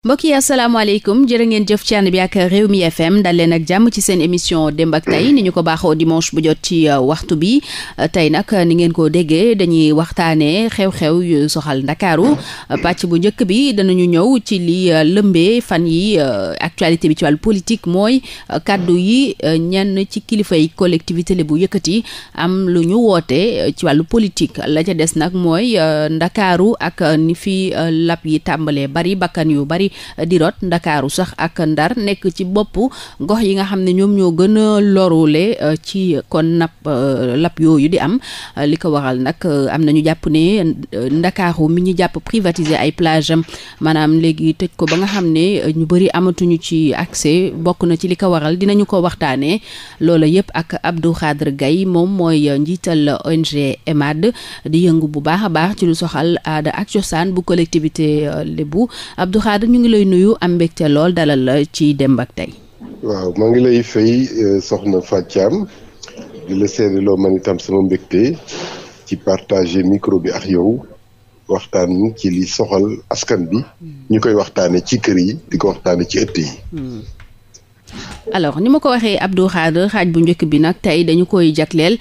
mbokk yi asalaamaaleykum jërë ngeen jëf ci ànd bi ak réew mi FM dal leen ak jàmm ci seen émission démb ak tey ni ñu ko baaxoo dimanche bu jot ci euh, waxtu bi euh, tey nag euh, ni ngeen ko déggee dañuy waxtaanee xew-xew yu soxal ndakaaru pàcc bu njëkk bi danañu ñëw ci li lëmbee fan yi actualité bi ci wàllu politique mooy kàddu yi ñenn ci kilifa yi collectivité la bu yëkkati am lu ñu woote ci wàllu politique la ca des nag mooy ndakaaru ak ni fi lab yi tàmbalee bari bakkan yu bari yi eh, di rot ndakaaru sax ak ndar nekk ci bopp gox yi nga xam ne ñoom ñoo gën a lorule eh, ci kon napp eh, lap yooyu di am li ko waral nag am na ñu jàpp ne ndakaaru mi ñu jàpp privatiser ay plage am maanaam léegi tëj ko ba nga xam ne ñu bëri amatuñu ci accès bokk na ci li ko waral dinañu ko waxtaanee loola yëpp ak Abdou Khadre Gaye moom mooy njiital ONG EMAD di yëngu bu baax a baax ci lu soxal aada ak cosaan bu collectivité Lebu Abdou Khadre ngi lay nuyu am mbégte lool dalal la ci dem ak Tay waaw maa ngi lay fay euh, soxna Fathiam di la seetloo man itam sama mbégte ci partage micro bi ak yow waxtaan ci li soxal askan bi hmm. ñu koy waxtaane ci kër yi di ko waxtaane ci ëtt yi hmm. alors ni ma ko waxee Abdou Khadre xaaj bu njëkk bi nag tey dañu koy jagleel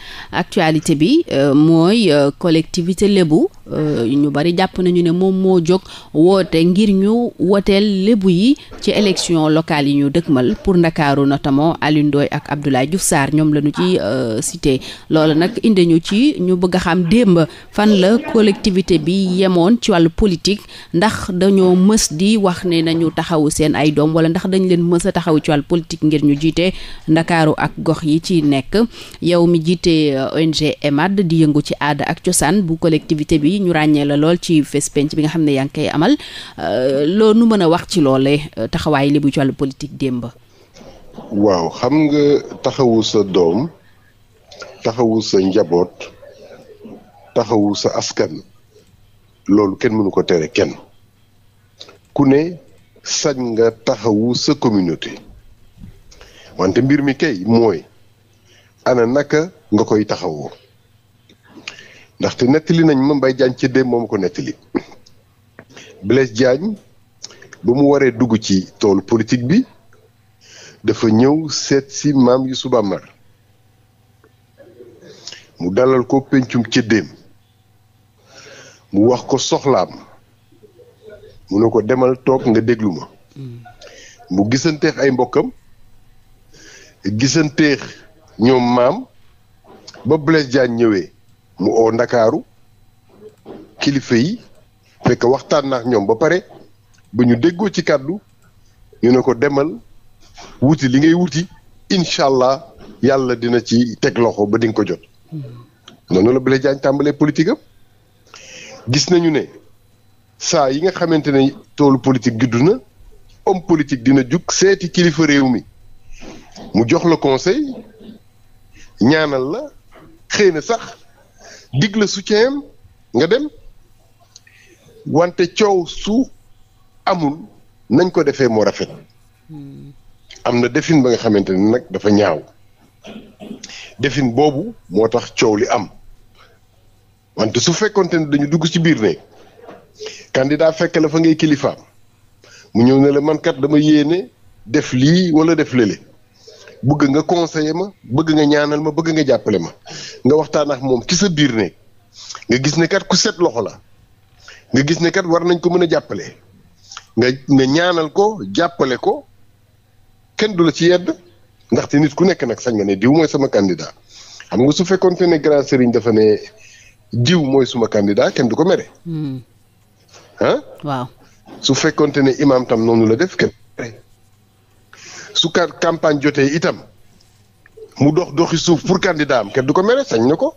actualité bi euh, mooy euh, collectivité lébu euh, ñu bari jàpp nañu ne moom moo jóg woote ngir ñu woteel lébu yi ci élection locale yi ñu dëkkmal pour Ndakaaru notamment alindooy ak Abdoulaye Diouf saar ñoom la ñu ci cité loolu nag indi ñu ci ñu bëgg a xam démb fan la collectivité bi yemoon ci wàllu politique ndax dañoo mës di wax ne nañu taxawu seen ay doom wala ndax dañ leen mës a taxawu ci wàllu politique ñu jiite ndakaaru ak gox yi ci nekk yow mi jiite euh, ONG EMAD di yëngu ci aada ak cosaan bu collectivité bi ñu ràññee la lool ci fes penc bi nga xam ne yaa ngi koy amal euh, loo nu mën a wax ci loole euh, taxawaay li bu ci waaw xam nga taxawu sa doom taxawu sa njaboot taxawu sa askan loolu kenn mënu ko tere kenn ku ne sañ nga taxawu sa communauté wante mbir mi kay mooy ana naka nga koy taxawoo ndaxte nettali nañ ma Mbaye Diagne ci démb moom ko nettali Blaise Diagne ba mu waree dugg ci toolu politik bi dafa ñëw seet si maam Youssou Bamar mu dalal ko pencum ci mu wax ko soxlaam mu ne ko demal toog nga déglu ma mm. mu gisanteex ay mbokkam gisanteex ñoom maam ba Blaise Diagne ñëwee mu oo ndakaaru kilifa yi fekk waxtaan naa ñoom ba pare ba ñu déggoo ci kàddu ñu ne ko demal wuti li ngay wuti incha allah yàlla dina ci teg loxo ba di ko jot. noonu la Blaise Diagne tàmbalee politique gis nañu ne saa yi nga xamante ne toolu politique juddu na homme politique dina jug seeti kilifa réew mi. mu jox la conseil ñaanal la xëy na sax dig la soutien nga dem wante coow su amul nañ ko defee moo rafet am na defin ba nga xamante ni nag dafa ñaaw defin boobu moo tax coow li am wante su fekkonte ne dañu dugg ci biir ne candidat fekk la fa ngay kilifaam mu ñëw ne la man kat dama yéene def lii wala def lële bëgg nga conseiller ma bëgg nga ñaanal ma bëgg nga jàppale ma nga waxtaan ak moom ci sa biir ne nga gis ne kat ku set loxo la nga gis ne kat war nañ ko mën a jàppale nga nga ñaanal ko jàppale ko kenn du la ci yedd ndaxte nit ku nekk nag sañ nga ne diw mooy sama candidat xam nga su fekkonte ne grand sëriñ dafa ne diw mooy suma candidat kenn du ko mere. Hmm. su fekkonte ne imaam tam noonu la def kenn. su ka campagne jotee itam mu dox doxi suuf pour candidat am kenn du ko mere sañ na ko.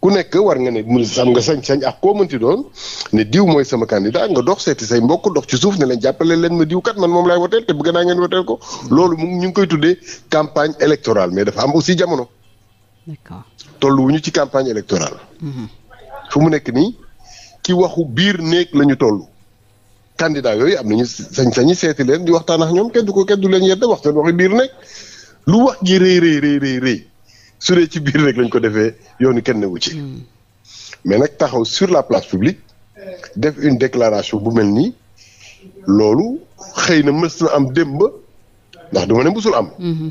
ku nekk war nga ne mu am nga sañ-sañ ak koo mënti doon ne diw mooy sama candidat nga dox seeti say mbokk dox ci suuf ne leen jàppale leen ma diw kat man moom laay woteel te bëgg naa ngeen woteel ko. loolu mu ñu ngi koy tuddee campagne électorale mais dafa am aussi jamono. d'accord ci campagne électorale. Mhm. fu mu nekk nii ci waxu biir néeg la ñu toll. candidat yooyu am nañu sañ-sañi seeti leen di waxtaan ak ñoom kenn du ko kenn du leen yedd wax seen waxi biir nekk lu wax ji rëy rëy su dee ci biir rek lañ ko defee yoonu kenn wu ci. Hmm. mais nag taxaw sur la place def une déclaration bu mel nii loolu xëy na mës na am démb ndax du ma ne mësul am. Hmm.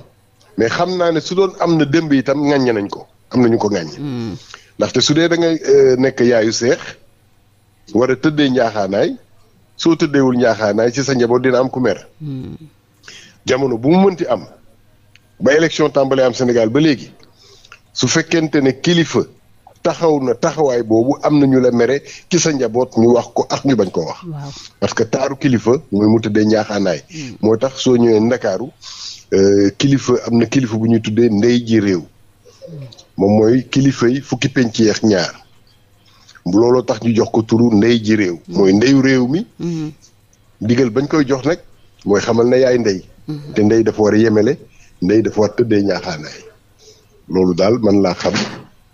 mais xam naa ne su doon am na démb itam ŋàññe nañ ko am nañu ko ŋàññ. Hmm. ndaxte su dee da ngay euh, nekk yaayu seex war a tëddee soo tëddeewul njaaxaanaay ci sa njaboot dina am ku mer. jamono bu mu mënti am ba élection tàmbalee am Sénégal ba léegi su fekkente ne kilifa taxaw na taxawaay boobu am na ñu la mere ci sa njaboot ñu wax ko ak ñu bañ koo wax. parce que taaru kilifa mooy mu tëddee njaaxaanaay. Mm. moo tax soo ñëwee ndakaaru euh, kilifa am na kilifa bu ñuy tuddee ndey ji réew. Mm. moom mooy kilifay fukki penc yeex ñaar. looloo tax ñu jox ko turu ndey ji réew mm-hmm. mooy ndeyu réew mi mm-hmm. ndigal bañ koy jox nag mooy xamal na yaay ndey mm-hmm. te ndey dafa war a yemele ndey dafa war tëddee ñaaxaanaay loolu daal man laa xam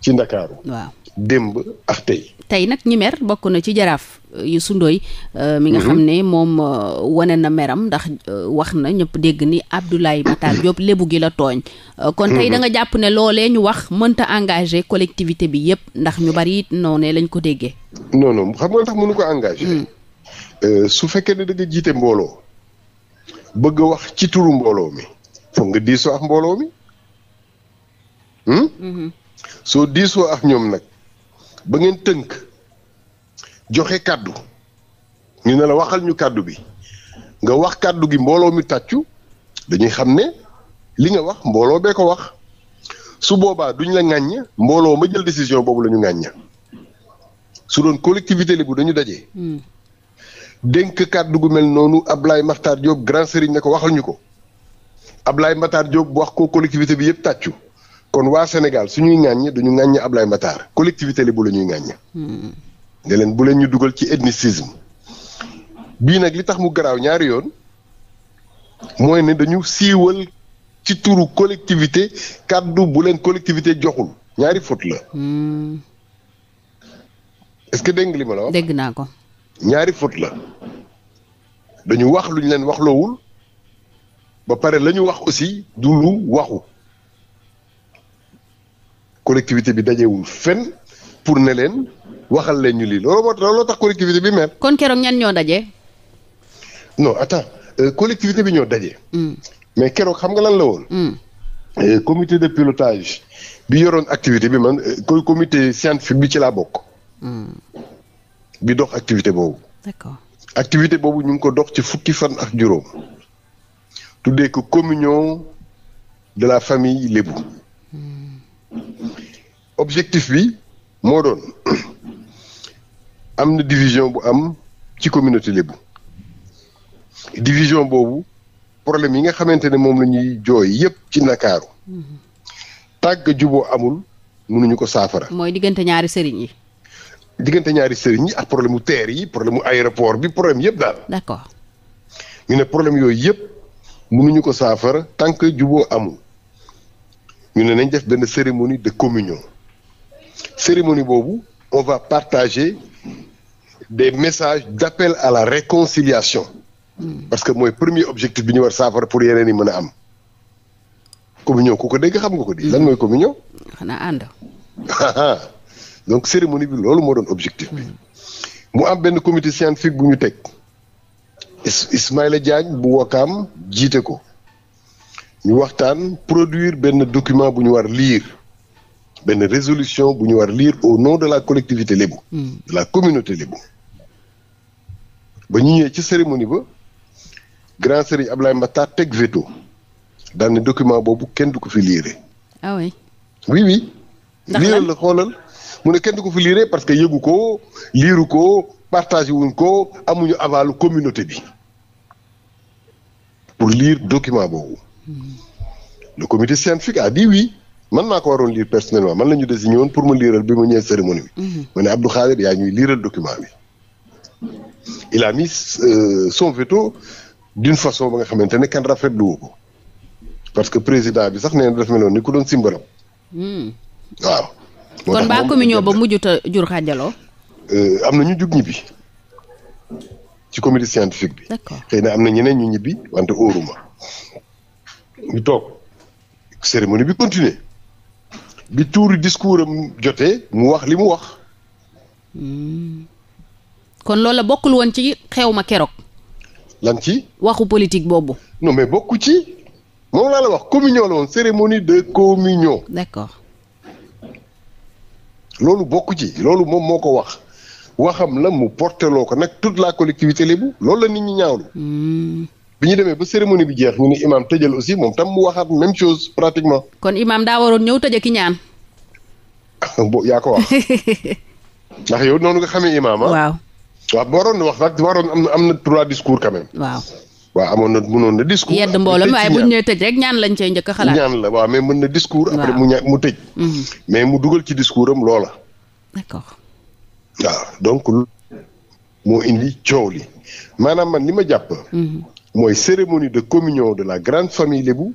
ci Ndakaaru waaw démb ak tey. tey nag ñi mer bokk na ci jaraaf euh, Youssou Ndoye euh, mi nga xam mhm. ne moom euh, wane na meram ndax wax na ñëpp dégg ni Abdoulaye Matar Diop lébu gi la tooñ. kon tey mhm. da nga jàpp ne loolee ñu wax mënta engage collectivité bi yépp ndax ñu bari it noonee lañ ko déggee. non non xam nga tax mënu ko engagé. Hmm. su fekkee ne da nga jiite mbooloo. bëgg wax ci turu mbooloo mi. foog nga diisoo ak mbooloo mi. Hmm? Mhm. soo diisoo ak ñoom nag. ba ngeen tënk joxe kàddu ñu ne la waxal ñu kàddu bi nga wax kàddu gi mbooloo mi tàccu dañuy xam ne li nga wax mbooloo bee ko wax su boobaa duñ la ŋàññ mbooloo ma jël décision boobu la ñu ŋàññ su doon collectivité li bu dañu daje hmm. dénk kàddu gu mel noonu ab Ablaye Makhtar Diop grand sëriñ ne ko waxal ñu ko ab Ablaye Makhtar Diop wax ko collectivité bi yëpp tàccu kon waa Sénégal suñuy ŋàññ duñu ŋàññ Ablaye Matar collectivité li bu la ñuy ŋàññ hmm. bu leen ñu dugal ci ethnicisme bii nag li tax mu garaaw ñaari yoon mooy ne dañu siiwal ci turu collectivité kàddu bu leen collectivité joxul ñaari fóot la hmm. est que dégg nga li naa ko ñaari faute la dañu wax luñ leen wax waxloowul ba pare la ñu wax aussi du lu waxu collectivité bi dajewul fenn pour ne leen waxal leen ñu lii loolu looloo tax collectivité bi mer. kon keroog ñan ñoo daje. non attends euh, collectivité bi ñoo daje. Hmm. mais keroog xam nga lan la woon. Hmm. Euh, comité de pilotage bi yoroon activité bi man euh, comité scientifique bi ci laa bokk. Hmm. bi dox activité boobu. activité boobu ñu ngi ko dox ci fukki fan ak juróom. tuddee ko communion de la famille Lébou. objectif bi moo doon am na division bu am ci communauté lébu division boobu problème yi nga xamante ne moom la ñuy jooy yépp ci Ndakaaru tàgg juboo amul mënuñu ko saafara. mooy diggante ñaari sëriñ yi. diggante ñaari sëriñ yi ak problème mu terre yi problème mu aéroport bi problème yépp daal. d'accord ñu ne problème yooyu yépp mënuñu ko saafara tant juboo amul. ñu ne nañ def benn cérémonie de communion cérémonie boobu on va partager des messages d'appel à la réconciliation parce que mooy premier objectif bi ñu war saafara pour yeneen yi mën a am communion ku ko dégg xam nga ko di lan mooy communion xanaa ànd donc cérémonie bi loolu moo doon objectif bi mu am benn comité scientifique bu ñu teg Ismaïla Diagne bu Wakaam jiite ko ñu waxtaan produire benn document bu ñu war liir benn résolution bu ñu war liir au nom de la collectivité lébou hmm. la communauté lébou ba ñu ñëwee ci cérémonie ba grand sëriñ Ablaye Mbatta teg veto daal ne document boobu kenn du ko fi liire ah oui oui la xoolal mu ne kenn du ko fi liire parce que yëgu ko liiru ko partagé wuñ ko amuñu avalu communauté bi pour liir document boobu le comité scientifique a dit oui man maa ko waroon lire personnellement man la ñu désigné woon pour ma liiral bi ma ñëwee cérémonie bi. Mhm. ma ne Abdou Khadir yaa ñuy liiral document bi. il a euh, son veto d'une façon ba nga xamante ne kenn rafetlu wu ko parce que président bi sax nee na meloon ni ku doon simbalam. Hmm. waaw. kon ba communion ba mujjut a jur xaajaloo. Euh, am na ñu jug ñibbi ci comité scientifique bi. d'accord am na ñeneen ñu ñibbi wante óoruma. ñu toog cérémonie bi continuer bi tuuri discours am jotee mu wax li mu wax. kon loola bokkul woon ci xew ma keroog. lan ci. waxu politique boobu. non mais bokku ci moom laa la wax communion la woon cérémonie de communion. d'accord. loolu bokku ci loolu moom moo ko wax waxam la mu porteloo ko nag toute la collectivité lébu loolu la nit ñi ñaawlu. Hmm. bi ñu demee ba cérémonie bi jeex ñu ni imaam tëjal aussi moom tam mu waxaat même chose pratiquement. kon imaam daa waroon ñëw tëj ki ñaan. bo yaa ko wax ndax yow noonu nga xamee imaam ah. waaw waaw waroon na wax nag waroon am na am na trois discours quand même. waaw amoon na mënoon na discours. yedd mbooloo waaye bu ñu nee tëj rek ñaan lañ cay njëkk a xalaat. ñaan la waaw mais mën na discours. après mu ña mu tëj. Mm-hmm. mais mu dugal ci discours am loola. d'accord. waaw donc moo indi coow li maanaam man li ma jàpp. Mm-hmm. mooy cérémonie de communion de la grande famille lébu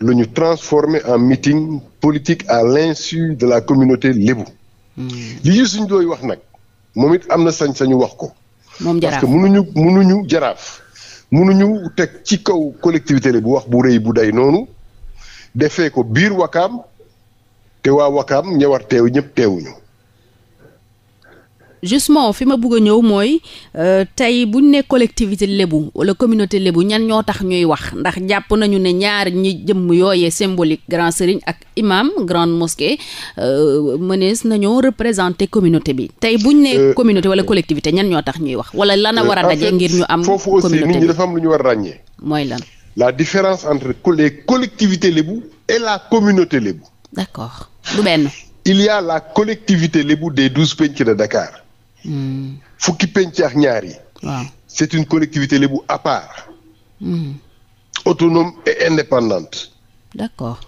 lu ñu transformé en meeting politique à l'insu de la communauté lébu. Hmm. li Youssou Ndoye wax nag moom it am na sañ-sañu wax ko. moom jaraaf parce que mënuñu mënuñu jaraaf. mënuñu teg ci kaw collectivité lébu wax bu rëy bu day noonu defee ko biir Wakaam te waa Wakaam ñëwaat teew ñëpp teewuñu. justement fi ma bugg a ñëw mooy euh, tey buñ ne collectivité lébu wala communauté lébu ñan ñoo tax ñuy wax ndax jàpp nañu ne ñaar ñi jëmm yooyee symbolique grand sëriñ ak imam grande mosquée euh, mënees nañoo représenter communauté bi tey buñ ne euh, communauté wala collectivité ñan ñoo tax ñuy wax wala lana war a daje ngir ñu am foofu aussi lu ñu war a mooy lan la différence entre les collectivités lébu et la communauté lébu d'accord du benn il y a la collectivité lébu des Hmm. fukki penc ak ñaar yi. waaw c'est une collectivité lébu à part. Hmm. autonome et indépendante. d'accord.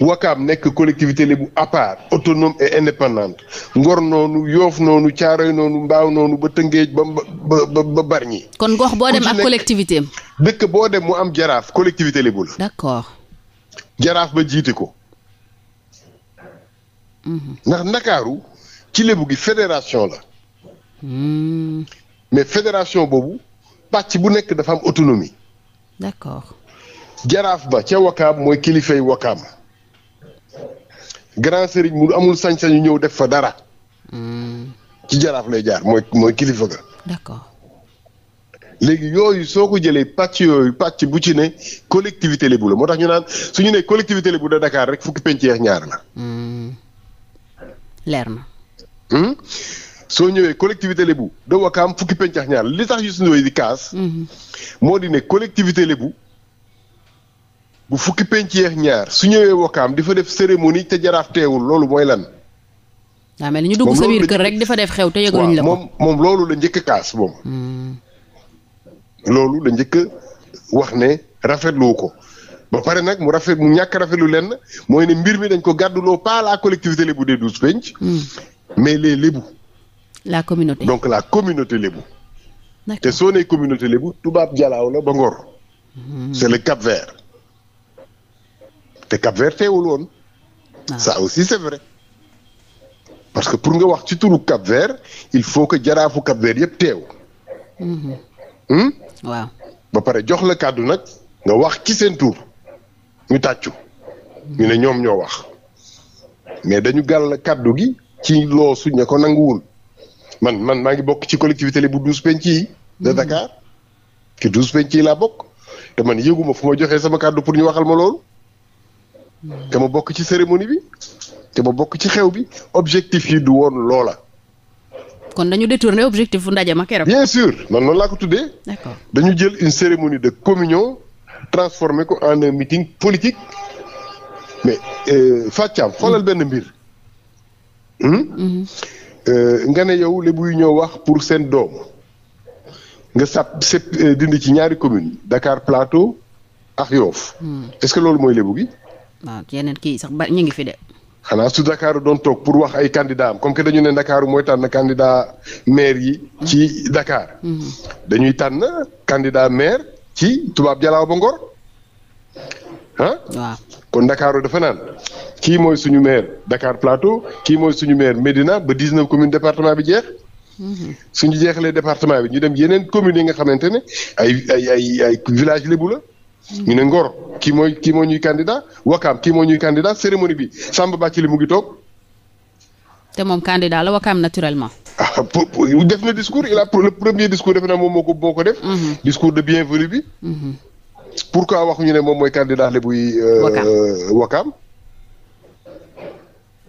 Wakaam nekk collectivité lébu à part autonome et indépendante Ngor noonu Yoof noonu Caaroy noonu Mbaaw noonu ba Tëngéej ba ba kon gox boo dem ak collectivité dëkk boo dem mu am jaraaf collectivité lébu la. d'accord. jaraaf ba jiite ko. Hmm. ndax Ndakaaru ci lébu gi fédération la. Hmm. mais fédération boobu pàcc bu nekk dafa am autonomie. d'accord. jaraaf ba ca wakaam mooy kilifay wakaam grand sëriñ mu amul sañ-sañu ñëw def fa dara. Hmm. ci jaraaf lay jaar mooy mooy kilifa ga. d'accord. léegi yooyu soo ko jëlee pàcc yooyu pàcc bu ci ne collectivité Lébu la moo tax ñu naan su ñu nee collectivité bu da Dakar rek fukki penc yeex ñaar la. Hmm. leer na. soo ñëwee collectivité lébu de Wakaam fukki pencax ñaar li tax Youssou Ndoye di kaas. Mhm. moo di ne collectivité lébu bu fukki penceex ñaar su ñëwee Wakaam di fa def cérémonie te jaraaf teewul loolu mooy lan. daa mel ni ñu dugg sa biir kër rek di fa def xew te yëgaluñ la moom moom loolu la njëkk kaas moom. Mhm. loolu la njëkk wax ne rafetlu ko ba pare nag mu rafet lu ñàkk rafetlu lenn mooy ne mbir mi dañ ko gàdduloo pas la collectivité lébu des douze penc. Mhm. mais les lébu. la communauté donc la communauté lébu. te soo nee communauté lébu tubaab jalaaw la ba ngor. Hmm. c' est le Cap Vert. te Cap Vert teewul woon. Ah. ça aussi c' est parce que pour nga wax ci turu Cap Vert il faut que jaraafu Cap Vert yëpp teew. Hmm. Hmm? waaw. ba pare jox la kàddu nag nga wax ci seen tur ñu tàccu. ñu ne ñoom ñoo wax mais dañu gàll kàddu gi ci loosu ña ko nanguwul. man man maa ngi bokk ci collectivité li bu douze penc yi. de mhm. Dakar ci douze penc yi la bokk te man yëguma fu ma joxee sama kàddu pour ñu waxal ma loolu. Mhm. te ma bokk ci cérémonie bi te ma bokk ci xew bi objectif yi du woon loola. kon dañu détourné objectif fu ndaje ma keroog. bien sûr man noonu laa ko tuddee. d'accord dañu jël une cérémonie de communion transformé ko en un meeting politique mais euh, Fatou Thiam xoolal mhm. benn mbir. Hmm? Euh, nga ne yow lébu yu ñoo wax pour seen doom nga sàpp set euh, dindi ci ñaari commune dakaar Plateau ak Yoff hmm. est-ce que loolu mooy lébu gi. waaw ah, yeneen ñu ngi fi de. xanaa su Dakar doon toog pour wax ay candidat am comme que dañu ne ndakaaru mooy tànn candidat maire yi. ci Dakar. Hmm. dañuy tànn candidat maire ci tubaab jalaaw ba Ngor ah. kon Dakar dafa naan. kii mooy suñu maire Dakar Plateau kii mooy suñu maire Médina ba 19 commune département bi jeex. suñu jeexalee département bi ñu dem yeneen commune yi nga xamante ne ay ay ay ay village lébu la. ñu ne ngoro kii mooy kii moo ñuy candidat Wakaam kii moo ñuy candidat cérémonie bi Samba Bathily mu ngi toog. te moom candidat la Wakaam naturellement. ah def na discours il a le premier discours de naa moom moo ko moo ko def. Mm-hmm. discours de bienvenue bi. Mm-hmm. ne moom mooy candidat lébu yi. Euh, Wakaam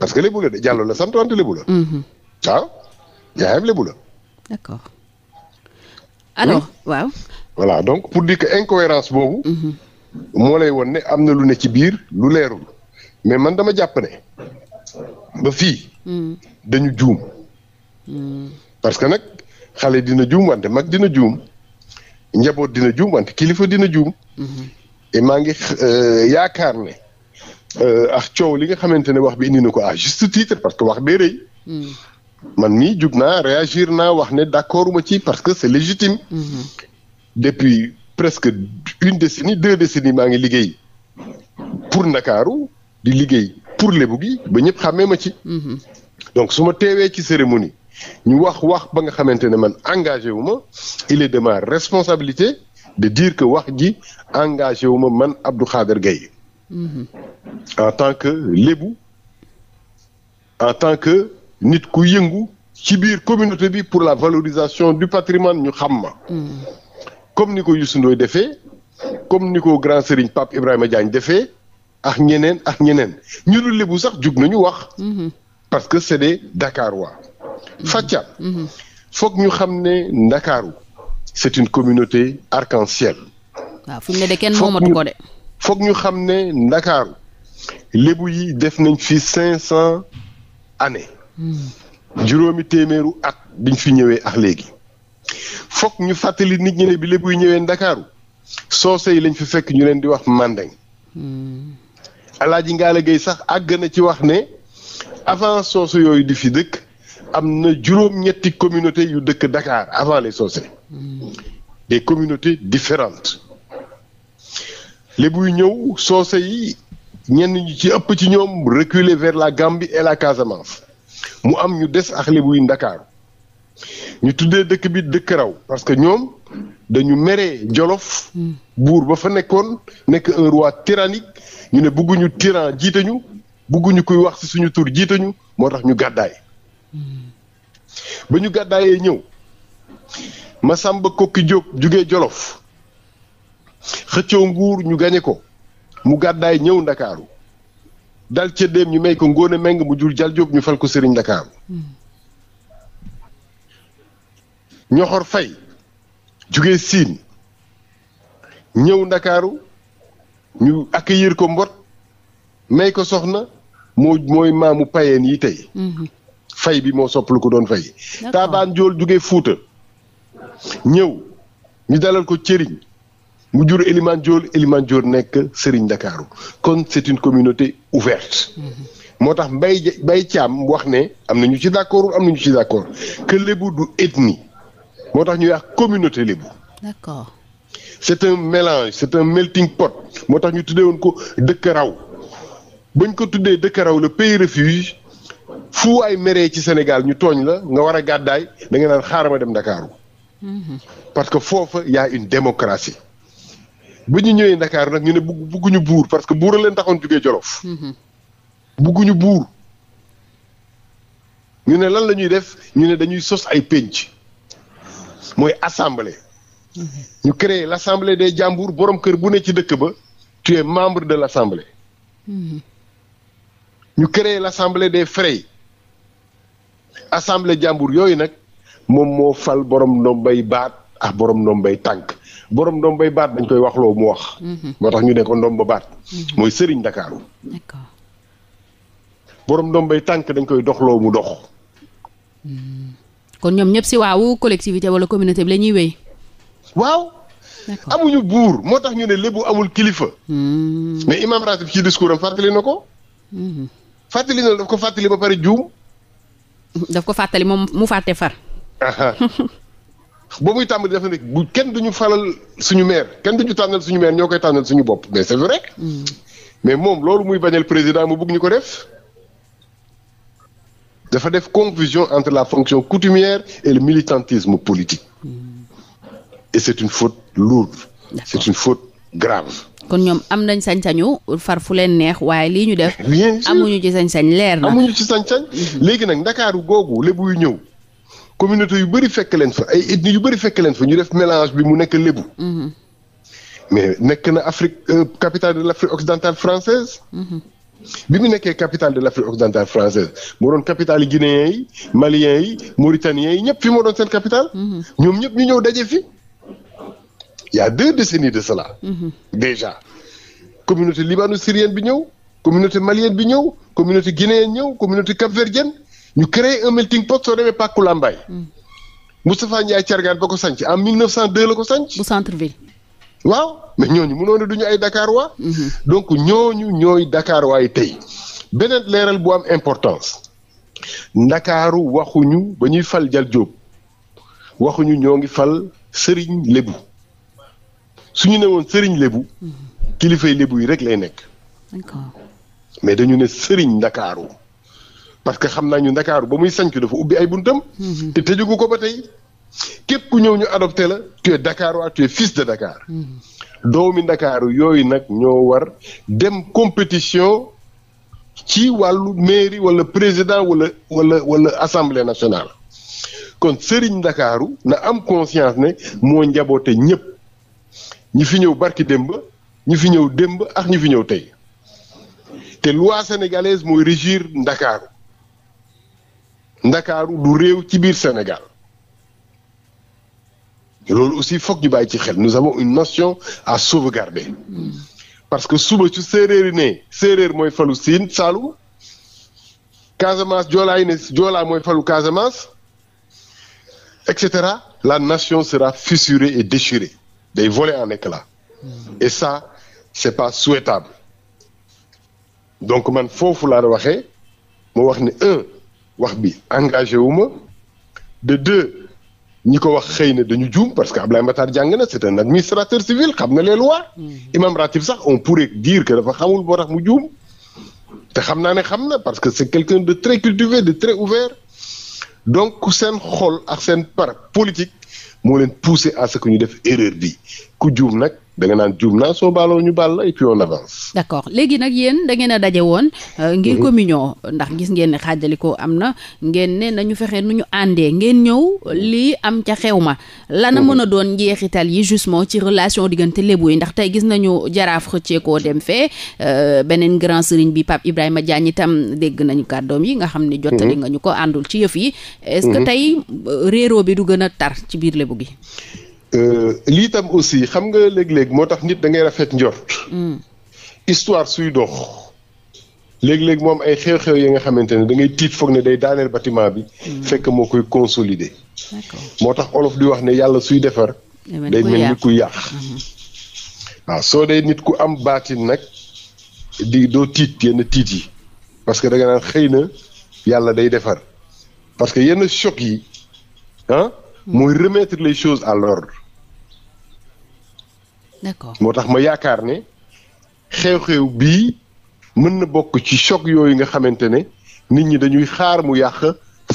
parce que lébu la de Diallo la sant wante lébu la. Mhm. waaw yaayam lébu la. waaw. voilà donc pour dire incohérence boobu. Mhm. moo lay won ne am na lu ne ci biir lu leerul mais man dama jàpp ne ba fii. Mhm. dañu juum. parce que nag xale dina juum wante mag dina juum njaboot dina juum wante kilifa dina juum. et maa ngi euh, yaakaar ne. Euh, ak coow li nga xamante ne wax bi indi na ko à juste titre parce que wax bee rëy. Mm. man mii jug naa réagir naa wax ne d'accord ma ci parce que c'est légitime. Mm-hmm. depuis presque une décennie deux décennies maa ngi liggéey pour Ndakaaru di liggéey pour Lebu gi ba ñëpp xàmmee ma ci. Mm-hmm. donc su ma teewee ci cérémonie ñu wax wax ba nga xamante ne man engagé wu ma il est de responsabilité de dire que wax ji engagé wu ma man Abdou Khader Gueye en tant que lébu en tant que nit ku yëngu ci biir communauté bi pour la valorisation du patrimoine ñu xam ma comme ni ko Youssou Ndoye defee comme ni ko grand Serigne Pape Ibrahima Diagne defee ak ñeneen ak ñeneen ñu dul lébu sax jug nañu wax parce que c'est des Dakarois fàcca foog ñu xam ne Ndakaaru c'est une communauté arc-en-ciel waaw fi mu ne de kenn moomatu ko de foog ñu xam ne ndakaaru lébu yi def nañ fi cinq cent années hmm. juróomi téeméeru at biñ fi ñëwee ak léegi foog ñu fàttali nit ñi ne bi lébu yi ñëwee ndakaaru soose yi lañ fi fekk ñu leen di wax mandeng hmm. alaaji Ngaala Gaye sax àgg na ci wax ne avant soose yooyu di fi dëkk am na juróom-ñetti communauté yu dëkk Dakar avant les soose hmm. des communautés différentes lébu yi ñëw soose yi ñenn ñi ci ëpp ci ñoom reculer vers la Gambie et la Casamance mu am ñu des ak lébu yi Ndakaaru ñu tuddee dëkk bi dëkk raw parce que ñoom dañu meree Jolof buur ba fa nekkoon nekk un roi tyrannique ñu ne bëgguñu tyran jiitañu ñu bëgguñu kuy wax ci suñu tur jiitañu moo tax ñu gàddaay ba ñu gàddaayee ñëw Masamba Kokki Diop jugee Jolof xëccoo nguur ñu gañe ko mu gàddaay ñëw ndakaaru dal ca déem ñu may ko ngóone meng mu jur jal jóob ñu fal ko sëriñ ndakaaru hmm. ñoxor fay jugee siin ñëw ndakaaru ñu accueillir ko mbot may ko soxna moo mooy maamu payeen yi tey hmm. fay bi moo sopp lu ko doon fay taabaan jool jugee fuuta ñëw ñu dalal ko cëriñ mu jur Eliman Diol Eliman joor nekk Serigne Ndakaaru kon c'est une communauté ouverte mhm. moo tax bay Mbaye Thiam wax ne am na ñu ci d'accord am na ñu ci d'accord que lébu du ethnie moo tax ñu wax communauté lébu d'accord un mélange c'est un melting pot moo tax ñu tuddee woon ko dëkk raw bañ ko tuddee dëkk raw le pays refuge fu ay meree ci Sénégal ñu tooñ la nga war a gàddaay da nga naan xaaral ma dem Ndakaaru mhm. parce que foofa yaa une démocratie bu ñu ñëwee Dakar nag ñu ne bugg bugguñu buur parce que buur a leen taxoon jógee Jolof. Mm-hmm. bugguñu buur. ñu ne lan la ñuy def ñu ne dañuy sos ay pénc mooy assemblée. Mm-hmm. ñu créer l' assemblée des jàmbur borom kër bu ne ci dëkk ba tu membre de l' assemblée. Mm-hmm. ñu créer l' assemblée des frais assemblée jàmbur yooyu nag moom moo fal borom ndombay baat ak borom ndombay tànk. borom ndoom bay baat dañ koy wax loo mu wax. Mhm. moo tax ñu ne ko ndoom ba baat. Mhm. mooy sëriñ Ndakaaru. d'accord borom bay tànk dañ koy dox loo mu dox. Mhm. kon ñoom ñëpp si waawu collectivité wala communauté bi la ñuy wéy. waaw. amuñu buur moo tax ñu ne lépp amul kilifa. mais imam ratib ci discours am fàttali na ko. fàttali na daf ko fàttali ba pare juum. daf ko fàttali moom mu fàtte far. ba muy tàmbali dafa ne bu kenn ñu falal suñu maire kenn du ñu tànnal suñu maire ñoo koy tànnal suñu bopp mais c'est vrai mm. mais moom loolu muy bañal président mu bëgg ñu ko def dafa def confusion entre la fonction coutumière et le militantisme politique mm. et c'est une faute lourde c'est une faute grave kon ñoom am nañ sañ-sañu far fu leen neex waaye lii ñu def amuñu ci sañ-sañ leer na amuñu ci sañ-sañ mm-hmm. léegi nag ndakaaru googu lébu yu ñëw communauté yu bëri fekk leen fa ay ethnie yu bëri fekk leen fa ñu def mélange bi mu nekk lébu. Mm-hmm. mais nekk na Afrique euh, capitale de l' Afrique occidentale française mm-hmm. bi mu nekkee capitale de l' Afrique occidentale française moo doon capitale guinéen yi malien yi mauritanien yi ñëpp fi moo doon seen capitale mm-hmm. ñoom ñëpp ñu ñëw daje fi y deux décennies de cela déjà communauté libano-syrienne bi ñëw communauté malienne bi ñëw communauté guinéenne ñëw communauté ñu créé un pot soo demee Pàkku Lambaay. Hmm. Moustapha Ndiaye Thiargane ba ko sànci en 1902 la ko sànci. bu centre ville. waaw mais ñooñu mënoon ne du ñu ay Dakar waa. Hmm. donc ñooñu ñooy Dakar waay tey. beneen leeral bu am importance. ndakaaru waxuñu ba ñuy fal Jal Diop waxuñu ñoo ngi fal Serigne Lebu suñu ne woon sëriñ Lebu. Hmm. kilifay Lebu yi rek lay nekk. mais dañu ne Serigne ndakaaru parce que xam naa ñu ndakaaru ba muy sanc dafa ubbi ay buntam. Mhm. te tëjugu ko ba tey képp ku ñëw ñu adopté la tu es Dakar waa fils de Dakar. Mhm. doomi ndakaaru yooyu nag ñoo war dem compétition ci wàllu mairie wala président wala wala wala assemblée nationale. kon sëriñ ndakaaru na am conscience ne moo njaboote ñëpp ñi fi ñëw barki démb ñi fi ñëw démb ak ñi fi ñëw tey te loi sénégalaise mooy régir ndakaaru ndakaaru du réew ci biir Sénégal loolu aussi foog ñu bàyyi ci xel nous avons une nation à sauvegarder parce que suba ci séeréer yi ne séeréer mooy falu siin Saalum Casamance joolaa yi ne mooy falu Casamance et cetera la nation sera fissurée et déchirée day voler en éclats et ça c'est pas souhaitable donc man foofu laa waxee moo wax ni wax bi engagé wu ma de deux ñi ko wax xëy ne dañu juum parce que am Abdoulaye Matar jàng na c'est un administrateur civil xam na les lois mm-hmm. imam ratib sax on pourrait dire que dafa xamul boo tax mu juum te xam naa ne xam na parce que c'est quelqu'un de très cultivé de très ouvert donc seen xol ak seen par politique moo leen poussé à ce que ñu def erreur bi ku juum nag da nga naan juum naa soo baaloo ñu baal la et on avance. d' accord léegi nag yéen da ngeen a daje woon. Euh, ngir mhm. communion ndax gis ngeen ne xaajali ko am na ngeen ne ñu fexee nu ñu àndee ngeen ñëw lii am ca xew ma. lana mhm. mën a doon njeexital yi justement ci relation diggante lébu yi ndax tey gis nañu jaraaf xëcceekoo dem fee euh, beneen grand sëriñ bi Pape Ibrahima Diagne itam dégg nañu kàddoom yi nga xam ne. jottali mhm. nga ñu ko àndul ci yëf yi. est ce que tey euh, réeroo bi du gën a tar ci biir lébu gi. Euh, lii tam aussi xam nga léeg-léeg moo tax nit da ngay rafet njor mm. histoire suy dox. léeg-léeg moom ay xew-xew yi nga xamante ne da ngay tiit foog ne day daaneel batiment bi. Mm. fekk moo koy consolider. moo tax olof di wax ne yàlla suy defar. Eh day mel ni ku yàq. Mm-hmm. waaw soo dee nit ku am baatin nag di doo tiit yenn tiit yi parce que da nga xëy na yàlla day defar parce que yenn choc yi ah. Mm. mooy remettre les choses à d'accord moo tax ma yaakaar ne xew-xew bii mën na bokk ci choc yooyu nga xamante ne nit ñi dañuy xaar mu yàq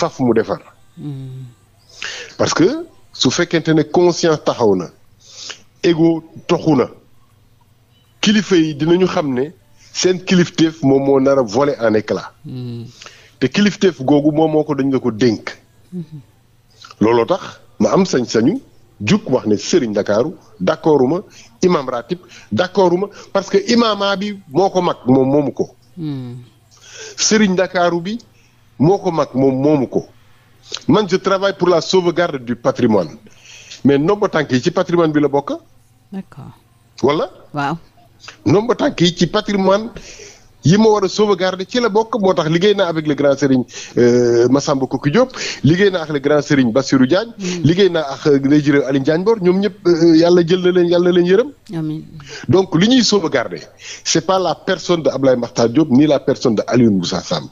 faf mu defar. Hmm. parce que su fekkente ne conscience taxaw na ego toxu na kilifa yi dinañu xam ne seen kilifteef moom moo nar a voler en éclat. Hmm. te kilifteef googu moom moo ko dañ la ko dénk. Hmm. looloo tax ma am sañ-sañu. jug wax ne sëriñ ndakaaru d'accorduma imam ratib d'accorduma parce que imama bi moo ko mag moom moomu ko hmm. sëriñ ndakaaru bi moo ko mag moom moomu ko man je travaille pour la sauvegarde du patrimoine mais nomba tànk yi ci patrimoine bi la bokk d'accord nomba tànk yi ci patrimoine yi ma war a sauvegarder ci la bokk moo tax liggéey naa avec le grand Serigne euh, Massamba Koki Diop liggéey naa ak le grand Serigne Bassirou Diagne. Mm. liggéey na ak euh, le juré Alioune Diagne Bor ñoom ñëpp euh, yàlla jël na leen yàlla na leen yërëm. amiin donc li ñuy sauvegarder c'est pas la personne de Ablaye Makhtar Diop ni la personne de Alioune Moussa Sam.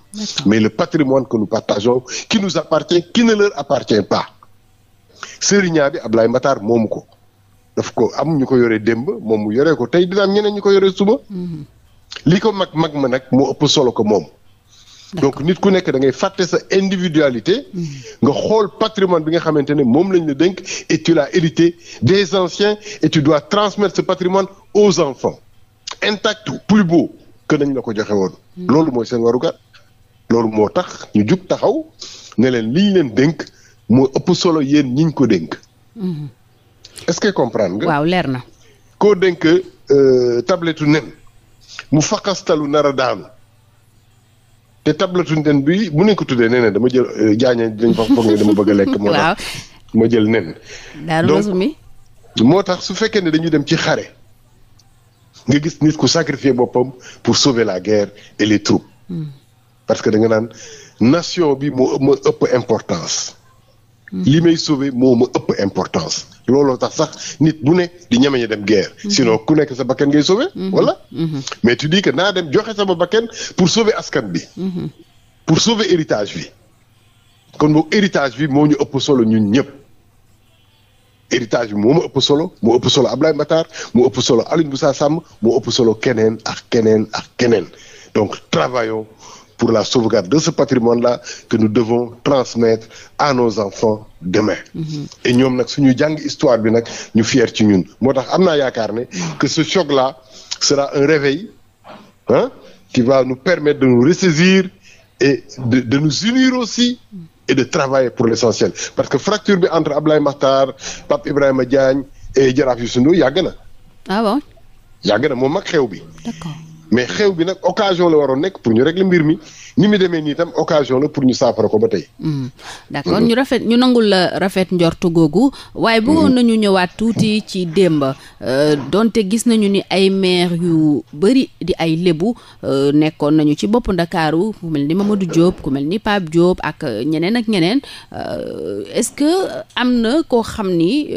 mais le patrimoine que nous partageons qui nous appartient qui ne leur appartient pas. sëriñaa bi Ablaye Matar moomu ko daf ko am ñu ko yore démb moom mu yore ko tey dina ñeneen ñu ko yore suba. Mm-hmm. li ko mag mag ma nag moo ëpp solo ko moom. donc nit ku nekk da ngay fàtte sa individualité. Mm-hmm. nga xool patrimoine bi nga xamante ne moom lañu la dénk et tu l'as des anciens et tu dois transmettre ce patrimoine aux enfants intact plus beau que nañ la ko joxe woon. Mm-hmm. loolu mooy seen warugar loolu moo tax ñu jug taxaw ne leen li ñu leen dénk moo ëpp solo yéen ñiñ ko dénk. Mm-hmm. est-ce que comprendre nga. leer na. koo dénk euh, tablettu nen. mu faqastalu nara a daanu te tablatuñ den bi mu ne ko tuddee nee na dama jël euh, jaaña dinañ fa foog ne dama bëgg a lekk. moo tax ma jël nen. daal mi moo tax su fekkee ne dañu dem ci xare nga gis nit ku sacrifier boppam pour sauver la guerre et les troupes. Hmm. parce que danga naan nation bi moo ëpp importance. Mm-hmm. li may sauver moo ma ëpp importance looloo tax sax nit bu ne di ñeme dem guerre. Mm-hmm. sinon ku nekk sa bakkan ngay sauver. wala mm-hmm. mais tu dis que naa dem joxe sama bakkan pour sauver askan bi. pour sauver héritage bi. kon boog héritage bi moo ñu ëpp solo ñun ñëpp héritage bi moo ma ëpp solo moo ëpp solo Ablaye Matar moo ëpp solo Aline Moussa Samb moo ëpp solo keneen ak keneen ak keneen donc travaillons pour la sauvegarde de ce patrimoine la que nous devons transmettre à nos enfants demain. Mm -hmm. et ñoom nag suñu jàng histoire bi nag ñu fier ci ñun moo tax am naa yaakaar ne que ce choc la sera un réveil qui va nous permettre de nous ressaisir et de nous unir aussi et de travailler pour l'essentiel parce que fracture bi entre Ablaye Makhtar Pape Ibrahima Diagne et Jaraaf Youssou Ndour yàgg na. ah bon. yàgg mag xew bi. mais xew bi nag occasion la waroon nekk pour ñu régler mbir mi ni mu demee nii tam occasion la pour ñu saafara ko ba tey. Hmm. d'accord mm-hmm. ñu rafet ñu nangul la rafet njortu googu. waaye bëggoon mm-hmm. nañu ñëwaat tuuti ci démb. Euh, donte gis nañu ni ay maire yu bëri di ay lébu euh, nekkoon nañu ci bopp ndakaaru ku mel ni Mamadou Diop ku mel ni Pape Diop ak ñeneen ak ñeneen euh, est-ce que am na koo xam ni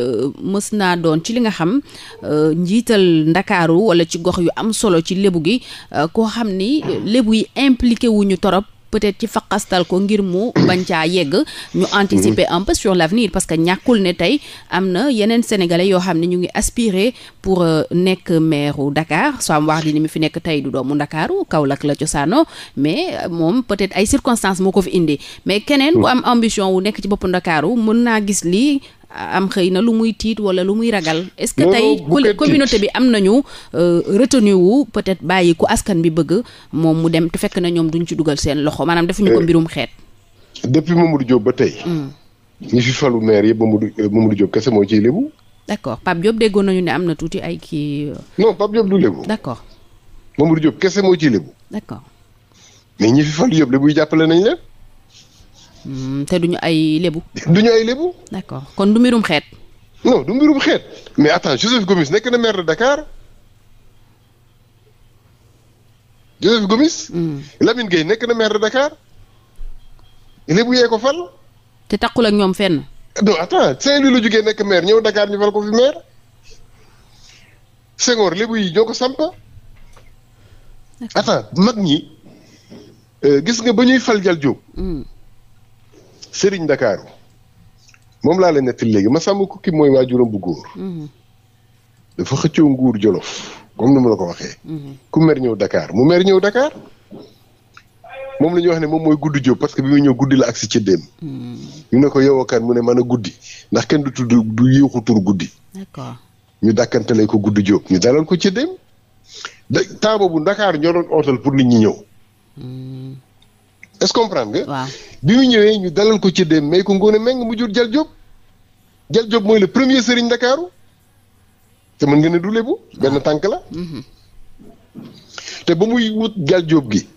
mës naa doon ci li nga xam njiital ndakaaru wala ci gox yu am solo ci lébu gi. ci euh, koo xam ni euh, lébu yi impliqué ñu torop peut-être ci faqastal ko ngir mu bañ caa yegg ñu anticiper mhm. un peu sur l'avenir parce que ñàkkul ne tey am na yeneen sénégalais yoo xam ne ñu ngi aspirer pour euh, nekk maire u Dakar Soham Wardini mu fi nekk tey du doomu Ndakaaru Kaolack la cosaano mais moom peut-être ay circonstances moo ko fi indi mais keneen ku am ambition wu nekk ci boppu Ndakaaru mën naa gis lii am xëy na lu muy tiit wala lu muy ragal est-ce que tey communauté bi am nañu euh, retenu wu peut-être bàyyi ku askan bi bëgg moom mu dem te fekk na ñoom duñ ci dugal seen loxo maanaam defuñu ko eh, mbirum xeet depuis Mamadou Diop ba tey hmm. ñi fi falu maire yëpp Mamadou euh, Mamadou Diop kese moo ciy lébu d'accord Pape Diop déggoon nañu ne am na tuuti ay kii euh, non Pape Diop du lébu d'accord Mamadou Diop kese moo ciy lébu d'accord mais ñi fi falu yëpp lébu yi jàppale nañ leen Hmm, te duñu ay lébu. duñu ay lébu. d'accord kon du mbirum xeet. non du mbirum xeet mais attends Joseph Gomis nekk na maire de Dakar hmm. nekk na maire de Dakar lébu yee ko fal. te takkul ak ñoom fenn. non attends Saint-Louis la jógee nekk maire ñëw Dakar ñu fal ko fi maire Senghor lébu yi ñoo ko samp. attends mag ñi euh, gis nga ba ñuy fal Jal Diop. Hmm. sëriñ ndakaaru moom laa la nettali léegi ma Masamba Kooki mooy waajuram bu góor mhm. dafa xëccoo nguur jolof comme ni mu la ko waxee mhm. ku meer ñëw dakaar mu mer ñëw Dakar moom la ñuy wax ne moom mooy guddi jóob parce que bi muy ñëw guddi la ak si cëddeem mhm. ñu ne ko yow mu ne mën a guddi ndax kenn du tudd du yéexu tur guddi ñu dàkkantale ko guddi jóob ñu dalal ko cëddeem da temps boobu Dakar ñoo doon ootal pour nit ñi ñëw est-ce comprendre nga. waaw bi mu ñëwee ñu dalal ko ci dem may ko ngoone meng mu jur Jal Diop. mooy le premier sëriñ Ndakaaru te mën nga ne du lébu benn tànk la. Mhm. te ba muy wut Jal gi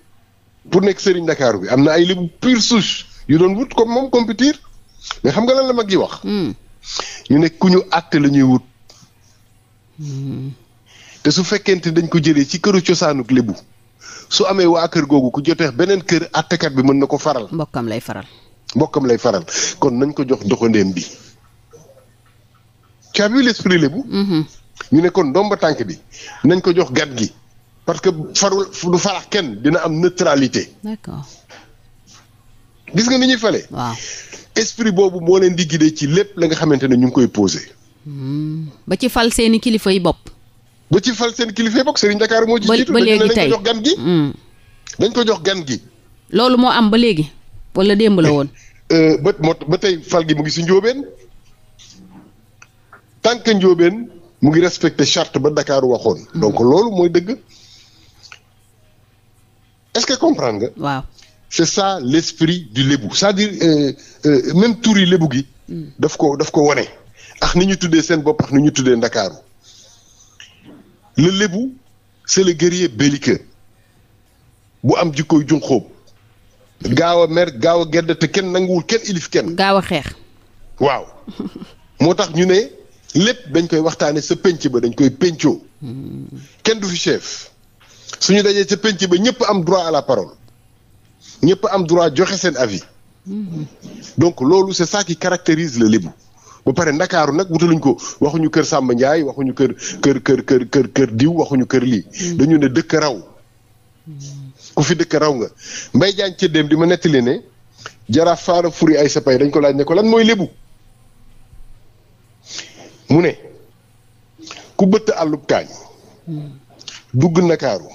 pour nekk sëriñ Ndakaaru bi am na ay lébu pure souche yu doon wut comme moom compétir mais xam nga lan la mag yi wax. Hmm. ñu ne ku ñu àtte la ñuy wut. Hmm. te su fekkente dañ ko jëlee ci këru cosaanuk lébu su amee waa kër googu ku joteex beneen kër àttekat bi mën na ko faral. mbokkam lay faral. mbokkam lay faral kon nañ ko jox doxandéem bi. tu as vu mhm. ñu ne kon ndomba tànk bi nañ ko jox gat gi parce que farul du farax kenn dina am neutralité. gis nga ni ñuy fale. waaw boobu moo leen di guider ci lépp la nga xamante ne ñu ngi koy posé. Hmm. ba ci fal seeni kilifa yi bopp. ba ci fal seen kilifa bokk Serigne Dakar moo. ba ba léegi tey dañ ko jox gan gi. Hmm. ko jox gan gi. loolu moo am ba léegi wala démb la woon. Euh, ba ba tey fal gi mu ngi si njóobeen tant que njóobeen mu ngi respecté charte ba Dakar waxoon. Hmm. donc loolu mooy dëgg est-ce que comprendre nga. waaw c'est ça l'esprit di lébu c'est-à-dire euh, euh, même tur yi lébu gi. Hmm. daf ko daf ko wane. ax ni ñu tuddee seen bopp ak ni ñu tuddee Ndakaaru le lébu c'est le guerrier belliqueux bu am jikkoy junxóob gaaw a mer gaaw a gedd te kenn nanguwul kenn ilif kenn. gaaw a xeex. waaw moo tax ñu ne lépp dañ koy waxtaane sa penc ba dañ koy pencoo kenn du fi chef suñu dajee sa penc ba ñëpp am droit à la parole ñëpp am droit joxe seen avis mm-hmm. donc loolu c'est ça qui caractérise le lébu ba pare ndakaaru nag wutaluñ ko waxuñu kër sàmba Ndiaye waxuñu kër kër kër kër kër kër diw waxuñu kër lii mm. dañu ne dëkk raw mm. ku fi dëkk raw nga mbay jaan cëddeem di ma nettali ne jaraaf faara furi ay sapay dañ ko laaj ne ko lan mooy lébu mu ne ku bëtt àllub kaañ mm. dugg ndakaaru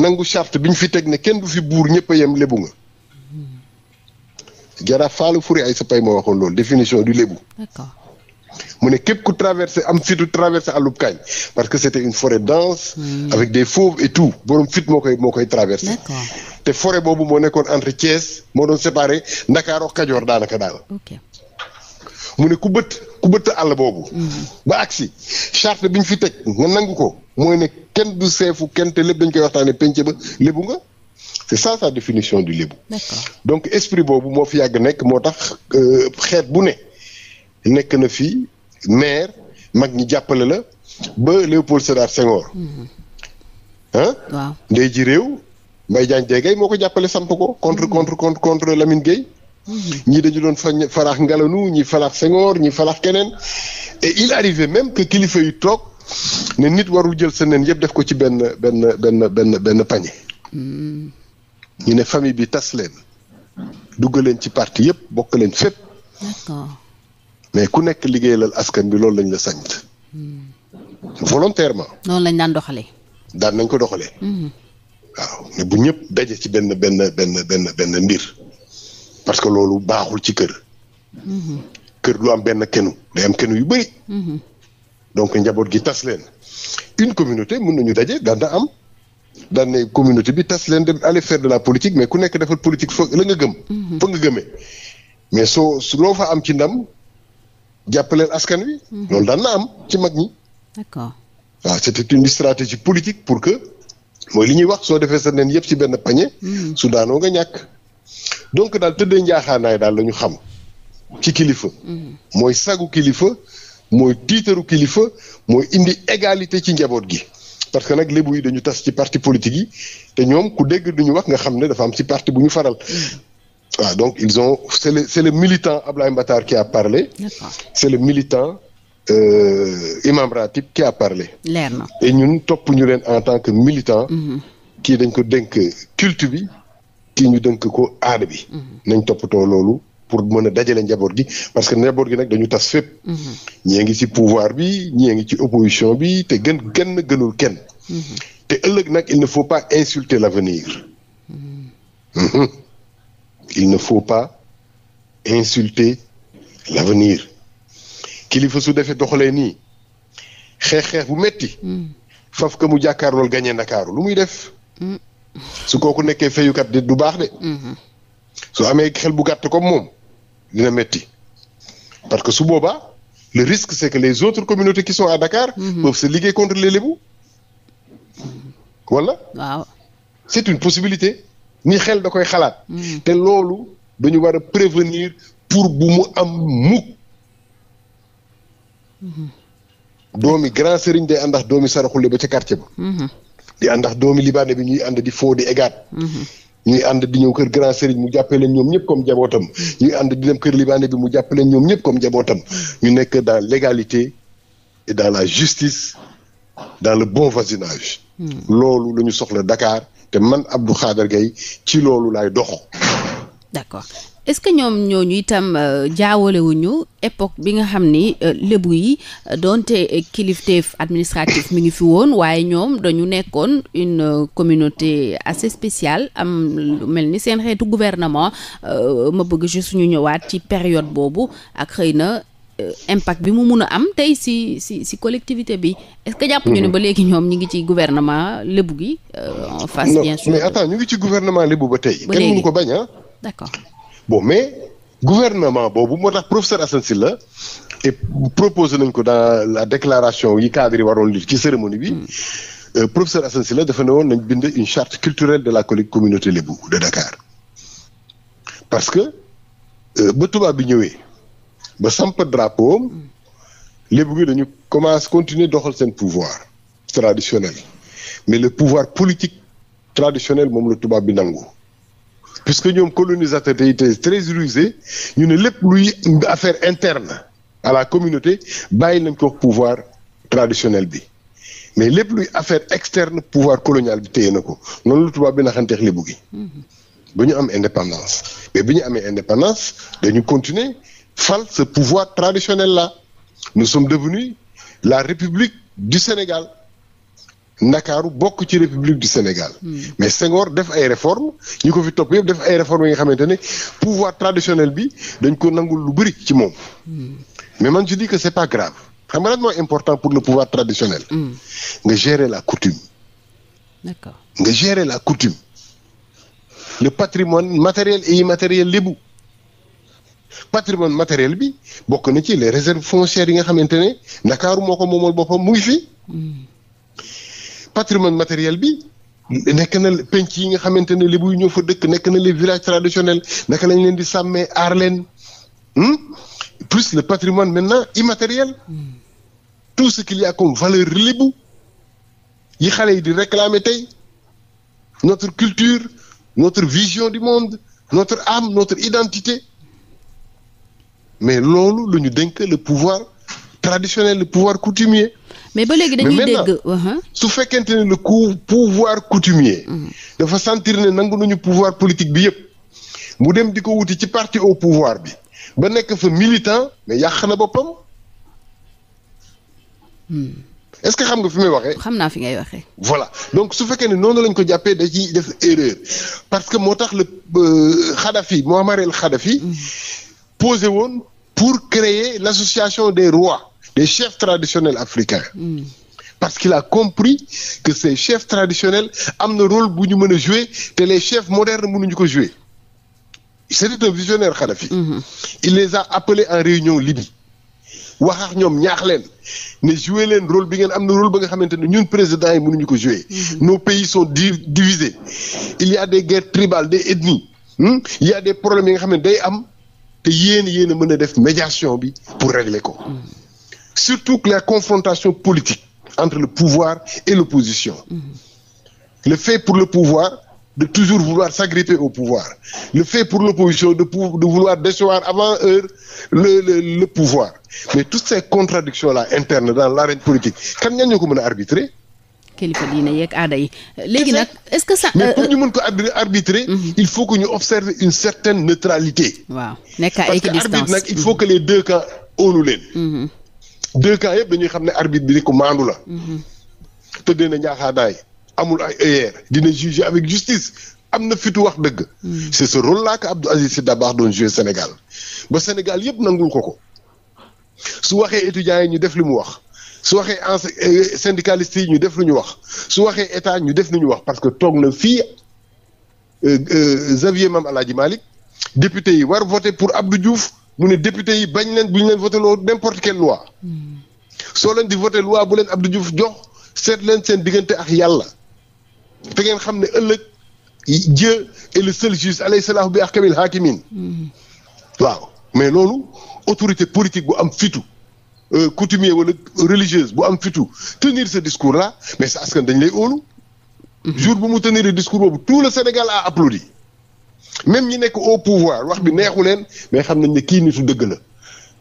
nangu charte bi fi teg ne kenn du fi buur ñëpp yem lébu nga jara faalu furi ay sa pay moo waxoon loolu définition du lébu mu ne képp ku traversé am fitu traversé àllub kaañ parce que c' était une forêt dense mm. avec des fauves et tout borom fit moo koy moo traversé te forêt boobu moo nekkoon entre Thiès moo doon séparé Ndakaar Kajoor daanaka daal mu ne ku bëtt ku bëtt àll boobu hmm. ba agsi charte bi ñu fi teg nga nangu ko mooy ne kenn du seefu kenn te lépp dañ koy waxtaane pénc ba lébu nga c'est ça sa définition du lébu donc esprit boobu moo fi yàgg nekk moo tax euh, xeet bu ne nekk na fi maire mag ñi jàppale la ba Léopold Sédar Senghor ah waaw ndey ji réew Mbaye Diagne moo ko jàppale samp ko contre mm-hmm. contre contre contre Lamine Gueye mm-hmm. ñi dañu doon faraax Ngalanu ñi faraax Senghor ñi faraax keneen et il arrivait même que kilifa yu toog ne nit warul jël sa neen yëpp def ko ci benn benn benn benn benn panier ñu ne famille bi tas leen dugg leen ci parti yëpp bokk leen fépp. mais ku nekk liggéey lal askan bi loolu lañ la sant. volontairement. noonu lañ daan doxalee. daan nañ ko doxalee. Mhm. waaw ne bu ñëpp daje ci benn benn benn benn benn mbir parce que loolu baaxul ci kër. Mhm. kër du am benn kenu day am kenu yu bëri. Mhm. donc njaboot gi tas leen une communauté mën nañu daje daan na am. daan ne communauté bi tas leen dem aller faire de la politique mais ku nekk defal politique fa la nga gëm. Mhm. fa nga gëmee mais soo loo fa am ci ndam jàppaleel askan wi. Mhm. loolu daan na am ci mag ñi. d'accord waaw c'était politique pour que mooy li ñuy wax soo defee sa yëpp ci benn pañe. Mhm. su daanoo nga ñàkk. donc daal tëddee njaaxaanaay daal la xam ci kilifa. mooy sagu kilifa mooy tiitaru kilifa mooy indi égalité ci njaboot gi. parce que nag lébu yi dañu tas ci parti politique yi te ñoom ku dégg duñu wax nga xam ne dafa am ci parti bu ñu faral. waaw donc ils ont c'est le c'est ab la Ablaye Mbatar qui a parlé. c'est le militant euh, Imam Ratib qui a parlé. leer ñun topp ñu leen en tant que militant. Mm-hmm. kii dañ ko dénk culte bi kii ñu dénk ko aada bi. Mm-hmm. nañ toppatoo loolu. pour mën a dajale njaboot gi parce que njaboot gi nag dañu tas fépp. Mhm. ñii a ngi ci pouvoir bi ñii a ngi ci opposition bi te gën kenn gënul kenn. Mhm. te ëllëg nag il ne faut pas insulter l'avenir. Mhm. il kilifa su defee doxalee nii xeex xeex bu metti faf que mu jàkkaar lool gañee Ndakaaru lu muy def. su kooku nekkee fayukat du baax de. su amee xel bu gàtt comme moom. dina métti parce que su boobaa le risque c'est que les autres communautés qui sont à Dakar. Mmh. peuvent se liguer contre les Lébou. wala. waaw c'est une possibilité. ni xel da koy xalaat. Mhm. te loolu dañu war a prévenir pour bu mu am mukk. Mhm. doomi grand sëriñ day àndax doomi saraxule ba ca quartier ba. Mhm. di àndax doomi libaane bi ñuy ànd di foo di egaat. ñuy ànd di ñëw kër grand sëriñ mu jàppee leen ñoom ñëpp comme jabootam ñuy ànd di dem kër libaane bi mu jàppee leen ñoom ñëpp comme jabootam ñu nekk dans l'égalité et dans la justice dans bon voisinage. Hmm. loolu la ñu soxla dakaar te man Abdou Khader Gueye ci loolu laay dox. est-ce que ñoom ñooñu itam euh, jaawalewuñu époque bi nga xam ni euh, lébu yi euh, doonte kilifteef administratif mu ngi fi woon waaye ñoom dañu nekkoon une communauté assez spéciale am lu mel ni seen xeetu gouvernement ma bëgg juste suñu ñëwaat ci période boobu ak xëy na impact bi mu mun a am tey si si si collectivité bi est-ce que jàpp ñu ne mhm. ba léegi ñoom ñu ngi ci gouvernement lébu gi en face bien sûr mais attends ñu ngi ci gouvernement ba tey kenn mënu ko bañ ah d'accord bon mais gouvernement boobu moo tax professeur Assane Sylla et proposé nañ ko dans la déclaration yi cadre yi waroon lire ci cérémonie bi hmm. euh, professeur Assane Sylla dafa woon nañ bind une charte culturelle de la communauté lébou de Dakar parce que euh, ba tubaab bi ñëwee ba samp drapeau hmm. lébu gi dañu commence continuer doxal seen pouvoir traditionnel mais le pouvoir politique traditionnel moom la tubaab bi nangu puisque ñoom colonisateur yi étaient très rusés ñu ne lépp luy affaire interne à la communauté bàyyi nañ ko pouvoir traditionnel bi mais lépp luy affaire externe pouvoir colonial bi téye na ko noonu lu tubaab bi naxanteex li buggi bu ñu am indépendance mais bi ñu amee indépendance dañu continuer fal ce pouvoir traditionnel là nous sommes devenus la République du Sénégal ndakaaru bokk ci république du Sénégal. Hmm. mais Senghor def ay réformes ñi ko fi topp yëpp def ay réformes yi nga xamante ne pouvoir traditionnel bi dañ ko nangul lu bëri ci moom. Hmm. mais man je dis que c'est pas grave xam nga lan mooy important pour le pouvoir traditionnel. Hmm. nga gérer la coutume. nga gérer la coutume. le patrimoine matériel et immatériel lébu patrimoine matériel bi bokk na ci les réserves foncière yi nga xamante ne ndakaaru moo ko moomal boppam mu fi. patrimoine matériel bi nekk na penc yi nga xamante ne lébu yi ñoo fa dëkk nekk na les villages traditionnels naka lañ leen di sàmmee aar leen hmm? plus le patrimoine na immatériel tout ce qu'il y a comme valeur lébu yi xale yi di réclamer tey notre culture notre vision du monde notre âme notre identité mais loolu lu ñu dénk le pouvoir traditionnel le pouvoir coutumier mais ba léegi dañuy dégg uh-huh. su fekkente ne le coup pouvoir coutumier. Mm-hmm. dafa sentir ne nangu nañu pouvoir politique bi yëpp. mu dem di ko wuti ci parti au pouvoir bi ba nekk fa militant mais yàq na boppam. Mm. est-ce que xam nga fi may waxee. xam naa fi ngay waxee. voilà donc su fekkee ne noonu lañ ko jàppee da def erreur parce que moo tax la le euh, Kadhafi Mouammar el Kadhafi. Mm. posé woon pour créer l'association des rois. des chefs traditionnels africains. Mm. parce qu'il a compris que ces chefs traditionnels am na rôle bu ñu mën a jouer te les chefs modernes mënuñu ko jouer c'était un visionnaire Kadhafi. Mm -hmm. il les a appelés en réunion Libye wax ak ñoom ñaax leen ne jouer leen rôle bi ngeen am na rôle ba nga xamante ne ñun président yi mënuñu ko jouer. Mhm. nos pays sont divisés il y a des guerres tribales des ethnies hmm? il ya des problèmes yi nga xam ne day am te yéen yéen a mën a def médiation bi pour régler ko. Mhm. surtout la confrontation politique entre le pouvoir et l'opposition. Mhm. Le fait pour le pouvoir de toujours vouloir s'agripper au pouvoir. Le fait pour l'opposition de, pou de vouloir décevoir avant heure le, le, le pouvoir. Mais toutes ces contradictions-là internes dans l'arène politique, kan ñan ko mën a arbitrer kilifa diine yeeg aada est-ce que ça. mais euh, pour ñu euh, mën ko arbitrer. Mhm. il faut que ñu observer une certaine neutralité. waaw nekk à équidistance parce que arbitre nag il faut mhm. les deux camps óolu deux camps yëpp dañuy xam ne arbitre bi ni ko maandu la. Mhm. tëddee na ñaaxaanaay amul ay erreur dina juger avec justice. am na fitu wax dëgg. Mhm. c'est ce rôle là que Abdou Aziz Sy Dabakh doon jouer Sénégal ba Sénégal yëpp nangu ko ko su waxee étudiants yi ñu def li mu wax su waxee en euh, syndicalistes yi ñu def lu ñu wax su waxee état ñu def lu ñu wax parce que toog na fii euh, euh, Xavier Mame Alhaji Malick député yi war voter pour abdu Diouf mu ne député yi bañ leen bu ñu leen voté loo n'importe quelle loi hmm. soo leen di voté loi bu leen Abdou Diouf jox seet leen seen diggante ak yàlla te ngeen xam ne ëllëg Dieu est le seul juge alayhi salaam bi ahkamil hakimin hmm. waaw mais loolu autorité politique bu am fitu euh, coutumier wala religieuse bu am fitu tenir ce discours là mais sa askan dañ lay óolu hmm. jour bu mu tenir discours boobu tout le Sénégal a applaudi même ñi nekk au pouvoir wax bi neexu leen mais xam nañ ne kii nitu dëgg la.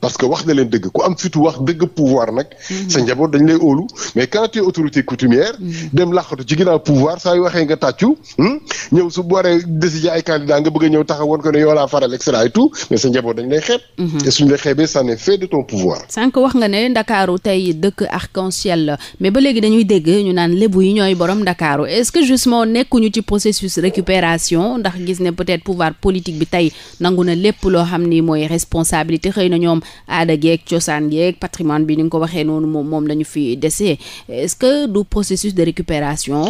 parce que wax na leen dëgg ku am fitu wax dëgg pouvoir nag. Mhm. sa njaboot dañ lay óolu mais quand tu es autorité coutumière. Mhm. dem làqatu ci ginnaaw pouvoir saa waxee nga tàccu. Hmm, ñëw su booree décider ay candidat nga bëgg a ñëw taxawoon ko ne yoo laa faral et cetera et tout mais sa njaboot dañ lay xeeb. Mhm. suñ lay xeebee ça n'est fait de ton pouvoir. sànq wax nga ne Ndakaaru tey dëkk arc en la mais ba léegi dañuy dégg ñu naan lébu yi ñooy borom Ndakaaru est-ce que justement nekkuñu ci processus récupération ndax gis ne peut-être pouvoir politique bi tey nangu na lépp loo xam ni mooy responsabilité xëy na ñoom aada geeg cosaan geeg patrimoine bi ni nga ko waxee noonu moom moom lañu ñu fi desee est que du processus de récupération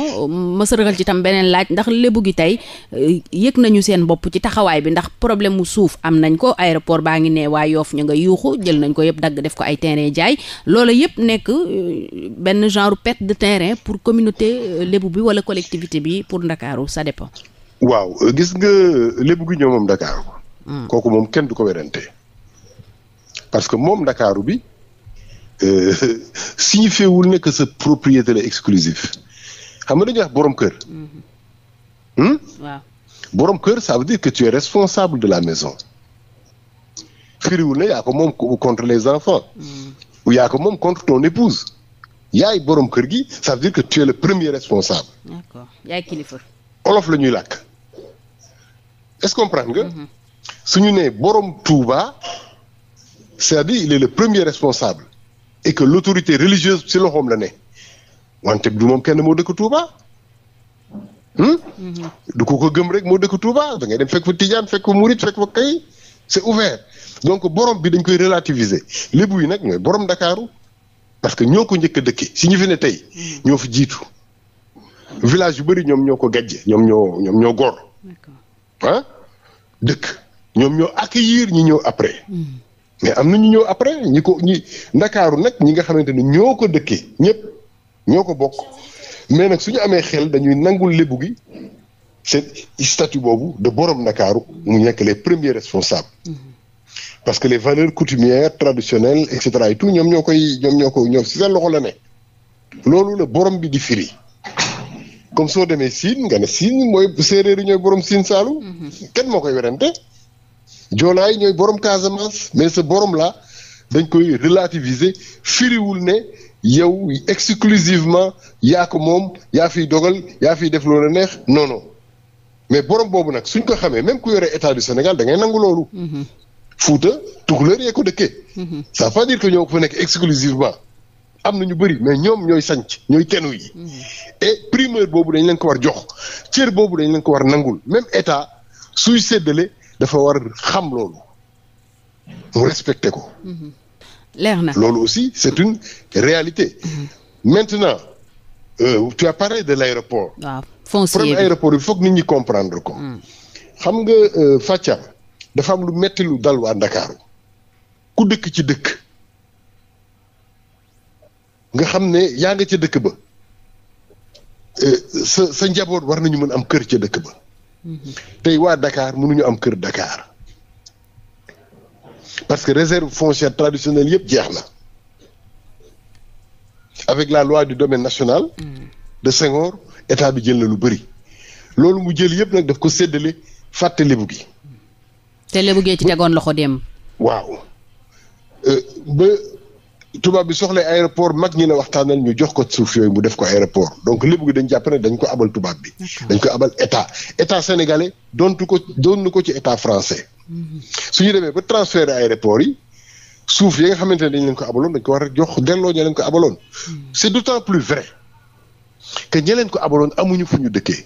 ma sërëxal ci tam beneen laaj ndax lébu gi tey euh, yëg nañu seen bopp ci taxawaay bi ndax problème mu suuf am nañ ko aéroport baa ngi ne waaye yoof ñu nga yuuxu jël nañ ko yëpp dagg def ko ay terrain jaay loolu yëpp nekk euh, benn genre perte de terrain pour communauté euh, lébu bi wala collectivité bi pour Ndakaaru ça dépend waaw gis nga lébu gi ñoo hmm. kooku moom kenn du ko parce que moom ndakaaru bi euh, signifié wul ne que sa propriété la exclusive xam nga dañuy borom kër. Mm-hmm. Hmm? borom kër ça veut dire que tu es responsable de la maison. firiwul ne yaa ko moom contre les enfants. Mm. ou yaa ko moom contre ton épouse. yaay borom kër gi ça veut dire que tu es le premier responsable. d'accord olof la ñuy làkk est-ce que comprendre nga. Mm-hmm. suñu borom Touba c'est-à-dire il est le premier responsable et que l'autorité religieuse ci loxoom la ne wante du moom kenn moo dëkk Touba. Hmm? Mhm. du ko ko gëm rek moo dëkk Touba da ngay dem fekk fa Tijaan fekk fa Murit fekk fa kay c'est ouvert donc borom bi dañ koy relativiser lébu yi nag ñooy borom Ndakaaru parce que ñoo ko njëkk a dëkk si ñu fi ne tey hmm. ñoo fi jiitu village yu bëri ñoom ñoo ko gàjje ñoom ñoo ñoom ñoo gor dëkk ñoom ñoo accueillir ñi ñëw après. Hmm. mais am na ñu ñëw après ñi ko ñi ndakaaru nag ñi nga xamante ne ñoo ko dëkkee ñëpp ñoo ko bokk mais nag su ñu amee xel dañuy nangul lébu gi seen statut boobu de borom ndakaaru mu nekk les premiers responsables mm-hmm. parce que les valeurs coutumières traditionnelles et cetera et tout ñoom ñoo koy ñoom ñoo ko ñoom si seen loxo la ne loolu la borom bi di firi comme soo demee siin nga ne siin mooy séeréer yi ñooy borom siin saalu mm-hmm. kenn moo koy werante joolaa yi ñooy borom Casamance mais ce borom la dañ koy relativiser firiwul ne yow exclusivement yaa ko moom yaa fiy dogal yaa fiy def loolu neex non non mais borom boobu nag suñ ko xamee même ku yore état du Sénégal da ngay nangu loolu. Mm-hmm. Fuuta tukulóor yee ko dëkkee. Mm-hmm. ça veut pas dire ko ñoo fa nekk exclusivement am na ñu bëri mais ñoom ñooy sanc ñooy tenu yi. Mm-hmm. et primeur boobu dañ lañ ko war jox cër boobu dañ lañ ko war nangul même état suy séddale. dafa war xam loolu mu respecté ko. leer na loolu aussi c'est une réalité. maintenant euh, tu as de l'aéroport. waaw foncier bi problème bi foog nit ñi comprendre ko. Hmm. xam nga euh, Fatia dafa am lu metti lu dal waa Ndakaaru ku dëkk ci dëkk nga xam ne yaa nga ca dëkk ba euh, sa sa njaboot war nañu mën am kër ca dëkk ba. tey waa dakaar Dakar ñu am kër Dakar parce que réserve foncière traditionnelle yëpp jeex na avec la loi du domaine national. de Senghor état bi jël na lu bëri. loolu mu jël yëpp nag def ko séddale fàtte lébu gi. te lébu gee ci tegoon loxo dem. waaw euh, tubaab bi soxla aéroport mag ñi la waxtaanal ñu jox ko suuf yooyu mu def ko aéroport donc lépp gi dañ jàpp ne dañ ko abal tubaab bi. dañ ko abal état état sénégalais doontu ko doonu ko ci état français. Mhm. su ñu demee ba transférer aéroport yi suuf yi nga xamante ne dañ leen ko abaloon dañ ko war a jox delloo ñu leen ko abaloon. Mhm. c'est d'autant plus vrai que ko abaloon amuñu fu ñu dëkkee.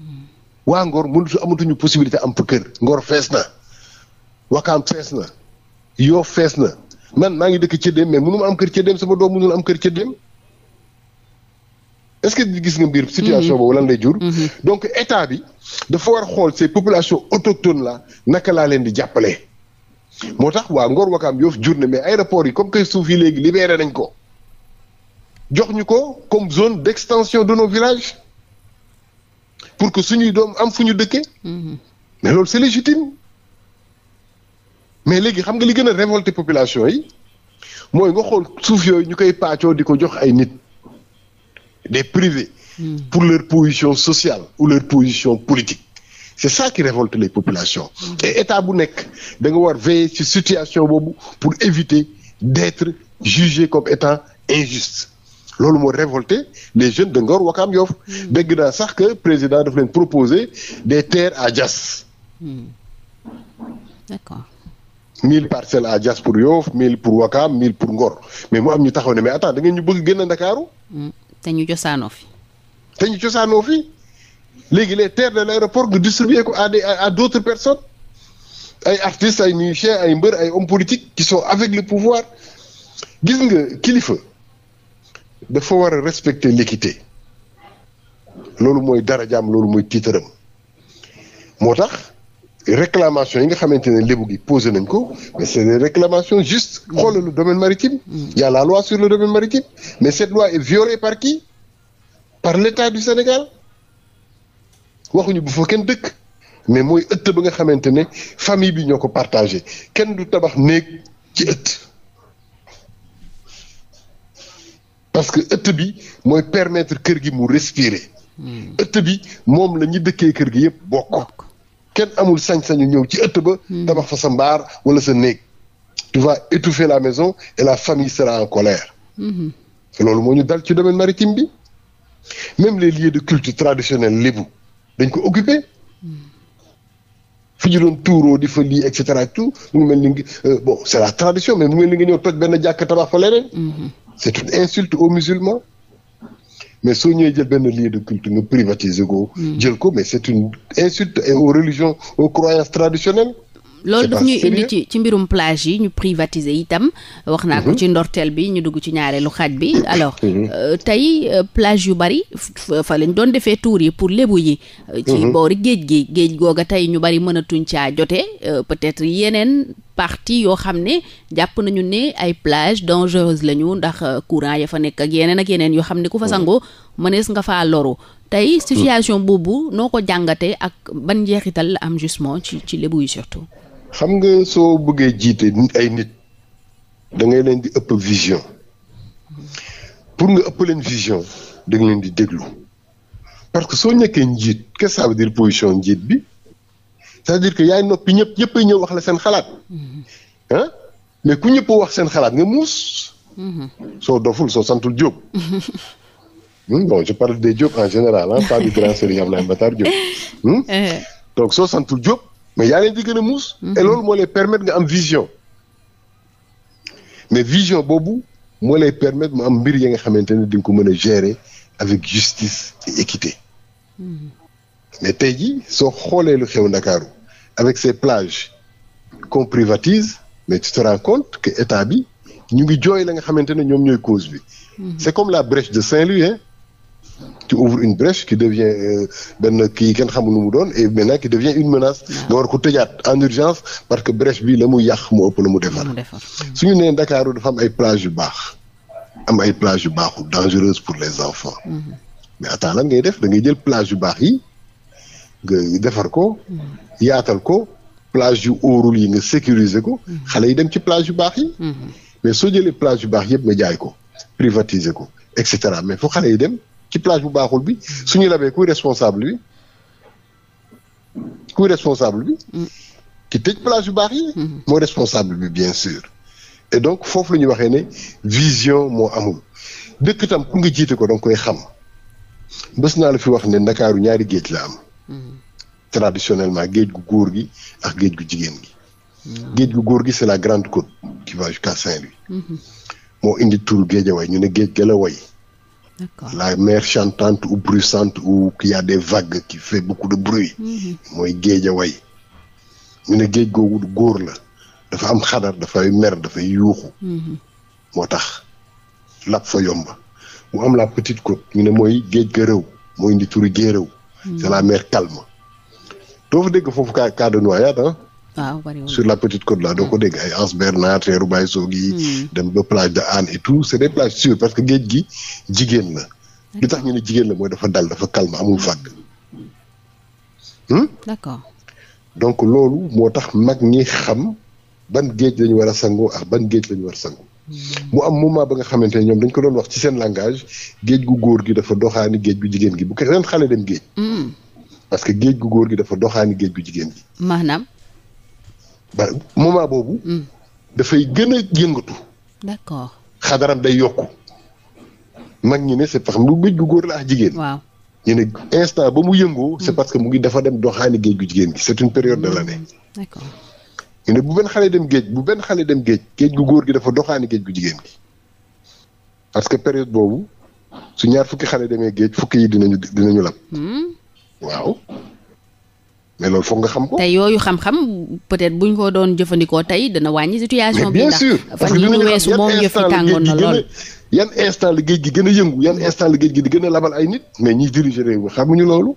Mhm. waa Ngor mënutu amatuñu possibilité am fa kër. Ngor fees na. Wakaam fees na. Yoff fees na. man maa ngi dëkk Cédéem mais mënu ma am kër Cédéem sama doom mënul am kër Cédéem est-ce que gis nga mbir situation mhm. boobu lan lay jur mhm. donc état bi dafa war xool ces population autochtones la naka laa leen di jàppale moo tax waa Ngor Wakaam Yoff jur na mais aéroport yi comme que suuf yi léegi libéré nañ ko jox ñu ko comme zone d'extension de nos village pour que suñuy doom am fu ñu dëkkee mhm. mais loolu c'est légitime mais léegi xam nga li gën a révolter population yi mooy nga xool suuf yooyu ñu koy paacoo di ko jox ay nit des privés. Mm. pour leur position sociale ou leur position politique c'est ça qui révolte les population hmm. et état bu nekk da nga war veiller ci situation boobu pour éviter d'être jugé comme étant injuste loolu moo révolté les jeunes de Ngor Wakam Yoff. Hmm. dégg naa sax que président def leen proposer des terres à Diass. Hmm. mille parcelles à Dias pour Yoff mille pour Wakam mille pour Ngor mais mu am ñu taxaw ne mais attends da ngeen ñu bëgg génn Ndakaaru mm, te ñu cosaanoo fi. te ñu cosaanoo fi léegi les terres de l'aéroport nga distribuer ko à des à d'autres personnes ay artistes ay musiciens ay mbër ay hommes politiques qui sont avec le pouvoir gis nga kilifa dafa war a respecter l'équité loolu mooy darajaam loolu mooy tiitaram moo tax. réclamations yi nga xamante ne lébu gi posé nañ ko mais c'est des réclamations justes xoolal le domaine maritime il a la loi sur le domaine maritime mais cette loi est violée par qui par l'État du Sénégal waxuñu bu fa kenn dëkk mais mooy ëtt ba nga xamante ne famille bi ñoo ko partagé kenn du tabax néeg ci ëtt parce que ëtt bi mooy permettre kër gi mu respirer hmm. ëtt bi moom la ñu dëkkee kër gi yëpp bokk kenn amul sañ-sañu ñëw ci ëtt ba. Hmm. tabax fa sa mbaar wala sa néeg. tu vas étouffer la maison et la famille sera en colère. Hmm. loolu moo ñu dal ci domaine maritime bi. même les lii de culte traditionnels lébu dañ ko occupé. Hmm. fi ñu doon di fa lii et cetera et tout mu ngi mel ni euh, bon c' est la tradition mais mu mel ni nga ñëw toj benn jàkk tabax fa leneen. c' une insulte aux musulmans. mais soo ñëwee jël benn lieu de culte nga privatiser ko. Mm. jël ko mais c'est une insulte et aux religions aux croyances traditionnelles. lool daf ñuy indi ci ci mbirum plage yi ñu privatiser itam wax naa ko mhm. ci ndorteel bi ñu dugg ci ñaareelu xaaj bi mhm. alors mhm. Euh, tey euh, plage yu bari fa lañ doon defee tuur yi pour lébu yi euh, ci boori géej gi géej googa tey ñu bari mënatuñ caa jote peut-être yeneen partie yoo xam ne jàpp nañu ne ay plage dangereuse lañu ndax courant ya fa nekk ak yeneen ak yeneen yoo xam ne ku fa sangoo mënees nga faa loru tey situation boobu noo ko jàngatee ak ban njeexital la am justement ci ci lébu surtout xam nga soo bëggee jiite ay nit da ngay leen di ëpp vision pour nga ëpp leen vision da nga leen di déglu parce que soo nekkee njiit kes ce que ça veut dire position njiit bi c'est-à-dire que yaay noppi ñëpp ñëppay ñëw wax la seen xalaat mm-hmm. mais ku ñëpp wax seen xalaat nga muus mm-hmm. soo doful soo santul Diop hmm, bon je parle des Diop en général ah pas du grand Serigne Abdoulaye Matar Diop hmm? eh. donc soo santul Diop mais yaa leen di gën a muus. et mhm. loolu moo lay permettre nga am vision. mais vision boobu moo lay permettre mu am mbir yi nga xamante ne di nga ko mën a gérer avec justice et équité. Mmh. mais tey jii soo xoolee lu xew Ndakaaru avec ces plages qu'on privatise mais tu te rends que état bi ñu ngi jooy la nga xamante ne ñoom ñooy cause bi. Mhm. c'est comme la brèche de Saint-Louis qui ouvre une brèche qui devient euh, benn kii kenn xamul nu mu doon et maintenant qui devient une menace nga war ko tëjaat en urgence parce que brèche bi la mu yàq mu ëpp la mu defar mm. suñu nee Ndakaaru dafa am ay plage yu baax am ay plage yu baaxul dangereuse pour les enfants mm-hmm. mais attends lan ngay def da ngay jël plage yu baax yi nga defar ko mm. yaatal ko plage yu óorul yi nga sécuriser ko mm-hmm. xale yi dem ci plage yu baax yi mm-hmm. mais soo jëlee plage yu baax yëpp ma jaay ko privatiser ko et cetera mais fu xale yi dem ci plage bu baaxul bi suñu labee kuy responsable bi kuy responsable bi ki tëj plage bu baax yi mooy responsable bi bien sûr et donc foofu la ñuy waxee ne vision moo amul dëkk itam ku ngi jiite ko danga koy xam bés naa la fi wax ne ndakaaru ñaari géej la am traditionnellement géej gu góor gi ak géej gu jigéen gi géej gu góor gi c'est la grande côte qui va jusqu'à Saint-Louis moo indi tur géejawaay ñu ne géej ga la woy la mer chantante ou bruissante ou qui a des vagues qui fait beaucoup de bruit mhm. mooy géej way ñu ne géej googu góor la dafa am xadar dafay mer dafay yuuxu mhm. moo tax lap fa yomba mu am la petite côte ñu ne mooy géej ga réew mooy indi turi géeréw mhm. c'est la mer calme doo fa dégg foofu cas de noyade ah waaw bariwul sur la petite côte là doo ko dégg ay Anse Bernard teeru Baye Sogui. Hmm. dem ba plage de Hann et tout c' est des plages parce que géej gi jigéen la. li tax ñu ne jigéen la mooy dafa dal dafa calme amul vague. Hmm? d' accord. donc loolu moo tax mag ñi xam ban géej la war a sangoo ak ban géej la ñu war a sangoo. Hmm. mu am moment ba nga xamante ne ñoom dañ ko doon wax ci seen langage géej gu góor gi dafa doxaani géej gu jigéen gi bu keneen xale dem géej. parce que géej gu góor gi dafa doxaani géej gu jigéen gi. maanaam. ba moment boobu. Hmm. dafay gën a yëngatu. d'accord xadaram day yokk mag ñi ne c'est parce que bu géej gu góor la ak jigéen. waaw ñu ne instant ba mu yëngoo. c'est hmm. parce que mu ngi dafa dem doxaani géej gu jigéen gi c'est une période de hmm. l'année. d'accord ñu ne bu benn xale dem géej bu benn xale dem géej géej gu góor gi dafa doxaani géej gu jigéen gi. parce que période boobu su ñaar fukki xale demee géej fukki yi dinañu dinañu lam. waaw. mais loolu foog nga xam ko. te yooyu xam-xam peut-être buñ koo doon jëfandikoo tey dana wàññi situation. bi ndax fan yii ñu weesu moom yëf yi na lool yan instant la géej gi gën a yëngu yan instant la géej gi di gën a labal ay nit. mais ñiy diriger réew mi xamuñu loolu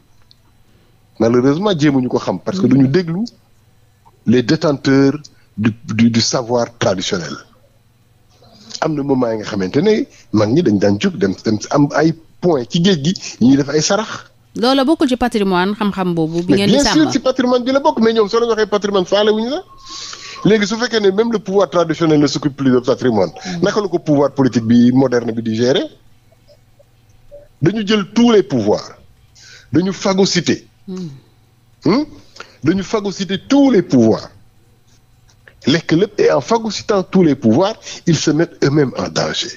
malheureusement ñu ko xam parce que duñu déglu les détenteurs du du du savoir traditionnel am na moment yi nga xamante ne mag ñi dañ daan jóg dem dem am ay point ci géej gi ñuy def ay sarax. loola bokkul ci patrimoine xam-xam boobu. bi ngeen di sàmm bien sûr ci patrimoine bi la bokk mais ñoom soo leen waxee patrimoine faale wuñu la. léegi su fekkee ne même le pouvoir traditionnel ne s'occupe plus de patrimoine. Hmm. naka la ko pouvoir politique bi moderne bi di dañu jël tous les pouvoirs dañu phagocyté. Hmm. Hmm? dañu phagocyté tous les pouvoirs. lekk lépp et en phagocytant tous les pouvoirs ils se mettent eux-mêmes en danger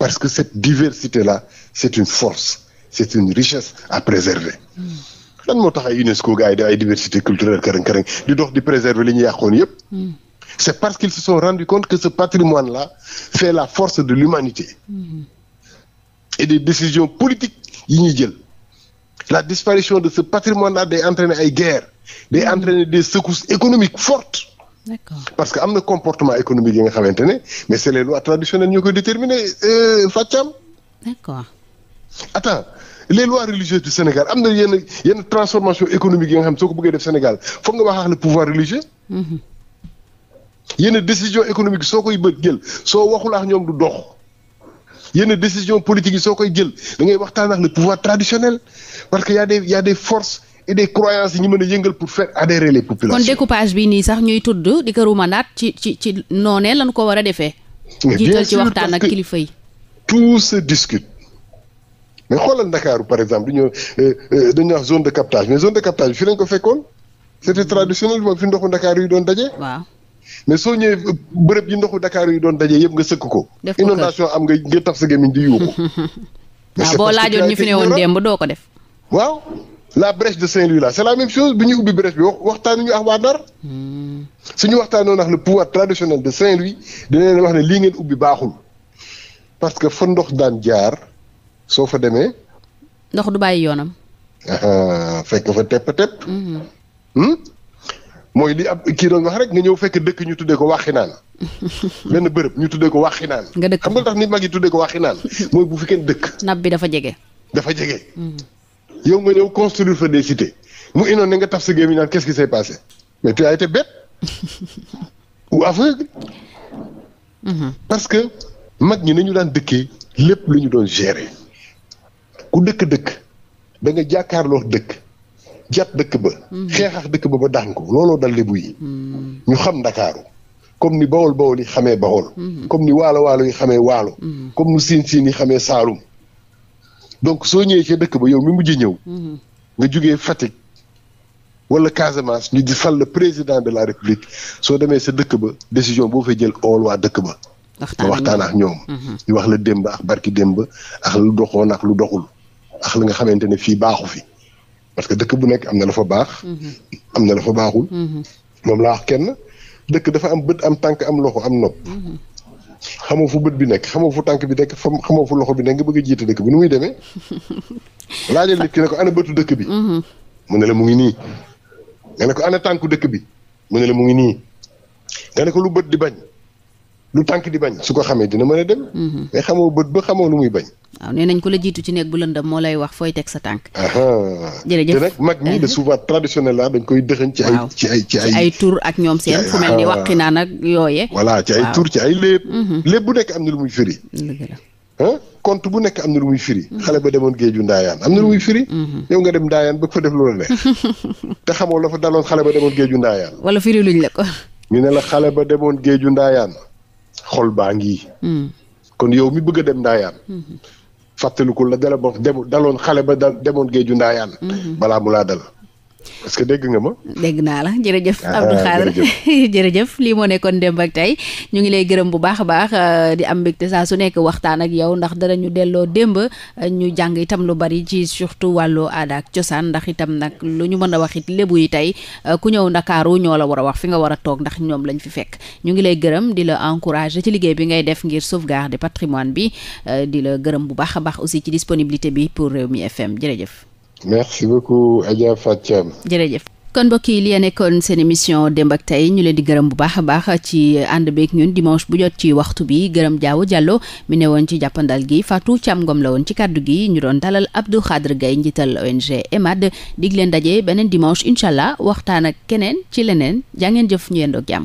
parce que cette diversité là c'est une force c'est une richesse à préserver. lan moo tax ay UNESCO ga yi ay diversité culturelle këriñ këriñ di dox di préserver li ñu yàqoon yëpp. c'est parce qu'ils se sont rendu compte que ce patrimoine là fait la force de l'humanité et des décisions politiques yi ñuy jël la disparition de ce patrimoine là day entraîner ay guerres day entraîner des secousses économiques fortes parce que am na comportement économique yi nga xamante ne mais c'est les lois traditionnelles ñoo koy déterminer euh, fàccam d'accord attends les lois religieuses du Sénégal am na yenn yenn transformation économique yi nga xam soo ko bëggee def Sénégal foog nga waxaax le pouvoir religieux. Mm-hmm. yenn décision économique soo koy bët jël soo waxul ak ñoom du dox. yenn décision politique yi soo koy jël da ngay waxtaan ak le pouvoir traditionnel parce que y a des et des croyances yi ñu mën a yëngal pour faire adhérer les populations. kon découpage bi nii sax ñuy tudd di ko naat ci ci ci noonee lañu ko war a defee. jiital ci tout se mais xoolal Ndakaaru par exemple dañoo euh, euh, dañuy wax zone de captage mais zone de captage bi fii lañ ko fekkoon c'était traditionnel moom fi ndoxu Ndakaaru yi doon daje. mais soo ñëwee euh, bërëb yi ndoxu Ndakaaru yi doon daje yëpp nga sëkk ko. inondation am nga nga taf sa gémmiñ di yuuxu. waaw boo laajoon ñu fi ne woon démb doo ko def. waaw la brèche de Saint-Louis là c'est la même chose bu ñu ubbi brèche bi wax waxtaanuñu ak waa Ndar. Hmm. suñu waxtaanoo nag le pouvoir traditionnel de Saint-Louis dinañ wax ne lii ngeen ubbi baaxul parce que fa ndox daan jaar. soo fa demee. ndox du bàyyi yoonam. Ah, fekk fa tepp tepp. Mm-hmm. Hmm? mooy li ab kii doon wax rek nga ñëw fekk dëkk ñu tuddee ko waxinaan benn bërëb ñu tuddee ko waxinaan nga dëkk xam nga tax nit mag yi tuddee ko waxinaan mooy bu fi dëkk. nab bi dafa jege. dafa jege. Mm-hmm. yow nga ñëw construire fa des cités mu inoon ne nga taf sa gémmiñ naan qu'est-ce qui s'est passé mais tu as été bête ou aveugle. Mm-hmm. parce que mag ñi ñu daan dëkkee lépp lu ñu doon gérer. ku dëkk dëkk da nga jàkkaarloo dëkk jat dëkk ba. Hmm. xeexax dëkk ba ba daan ko looloo dal lebu yi. Hmm. ñu xam ndakaaru comme ni bawol bawol yi xamee bawol. Hmm. comme ni waalo waalo yi xamee waalo. comme ni siin siin yi xamee saalum. donc soo ñëwee ca dëkk ba yow mi mujj ñëw. nga jugee Fatick. wala Casamance ñu di fal la président de la République soo demee sa dëkk ba décision boo fay jël ol waa dëkk ba. waxtaan ak ñoom waxtaan ak ñoom. di wax la démb ak barki démb ak ak lu doxul. ak li nga xamante ne fii baaxu fi parce que dëkk bu nekk am na la fa baax. Mm-hmm. am na la fa baaxul. Mm-hmm. moom la wax kenn dëkk dafa am bët am tànk am loxo am nopp. Mm-hmm. xamoo fu bët bi nekk xamoo fu tànk bi nekk fa xamoo fu loxo bi nekk nga bëgg a jiite dëkk bi nu muy demee. laajal nit ki ne ko ana bëtu dëkk bi. mu ne la mu ngi nii. nga ne ko ana dëkk bi mu ne mu ngi nii. nga lu bët di bañ. lu tànk di bañ su ko xamee dina mën a dem. Mhm. mais xamoo bët ba xamoo lu muy bañ. waaw nee nañ ko la jiitu ci nekk bu lëndam moo lay wax fooy teg sa tànk. jërëjëf te nag mag ñi de mhm. souvent traditionnel la dañ koy dëxëñ. ci ay ci ay ci ay. tur ak ñoom seen fu mel ni waqi naa nag yooyee. voilà ci ay tur ci ay léeb. Mhm. léeb bu nekk am na lu muy firi. dëgg compte bu nekk am na lu muy firi. xale ba demoon géeju ndaayaan am na lu muy firi. yow nga dem ndaayaan bëgg fa def lu la neex. te xamoo la fa daloon xale ba demoon géeju ndaayaan. wala firi luñ la ñu ne la xale ba demoon géeju ndaayaan xol baa ngi. Hmm. kon yow mi bëgg a dem ndaayaan. Hmm. fàttalikul la dala ba dem daloon xale ba demoon géeju ndaayaan. Hmm. balaa mu laa dal. parce dégg nga ma. dégg naa la jërëjëf ah, Abdou ah, Khadre jërëjëf lii moo nekkoon démb ak tey ñu ngi lay gërëm bu baax a baax euh, di am mbégte saa su nekk waxtaan ak yow ndax ñu delloo démb euh, ñu jàng itam lu bari ci surtout wàllu aada ak cosaan ndax itam nag lu ñu mën a wax it lébu yi tey euh, ku ñëw ndakaaru ñoo la war a wax fi nga war a toog ndax ñoom lañ fi fekk ñu ngi lay gërëm di la encourager ci liggéey bi ngay def ngir sauvegarde patrimoine bi di la gërëm bu baax a baax aussi ci disponibilité bi pour Rewmi FM jërëjëf merci beaucoup jërëjëf. kon mbokk yi li nekkoon seen émission démb ak tey ñu leen di gërëm bu baax a baax ci ànd beek ñun dimanche bu jot ci waxtu bi gërëm Diaw jallo mu ne woon ci jàppandal gi Fatou Thiam ngoom la woon ci kàddu gi ñu doon dalal Abdou Khadre gay njiital ONG EMAD dig leen daje beneen dimanche incha allah waxtaan ak keneen ci leneen jaa ngeen jëf ñu yendoog jàmm.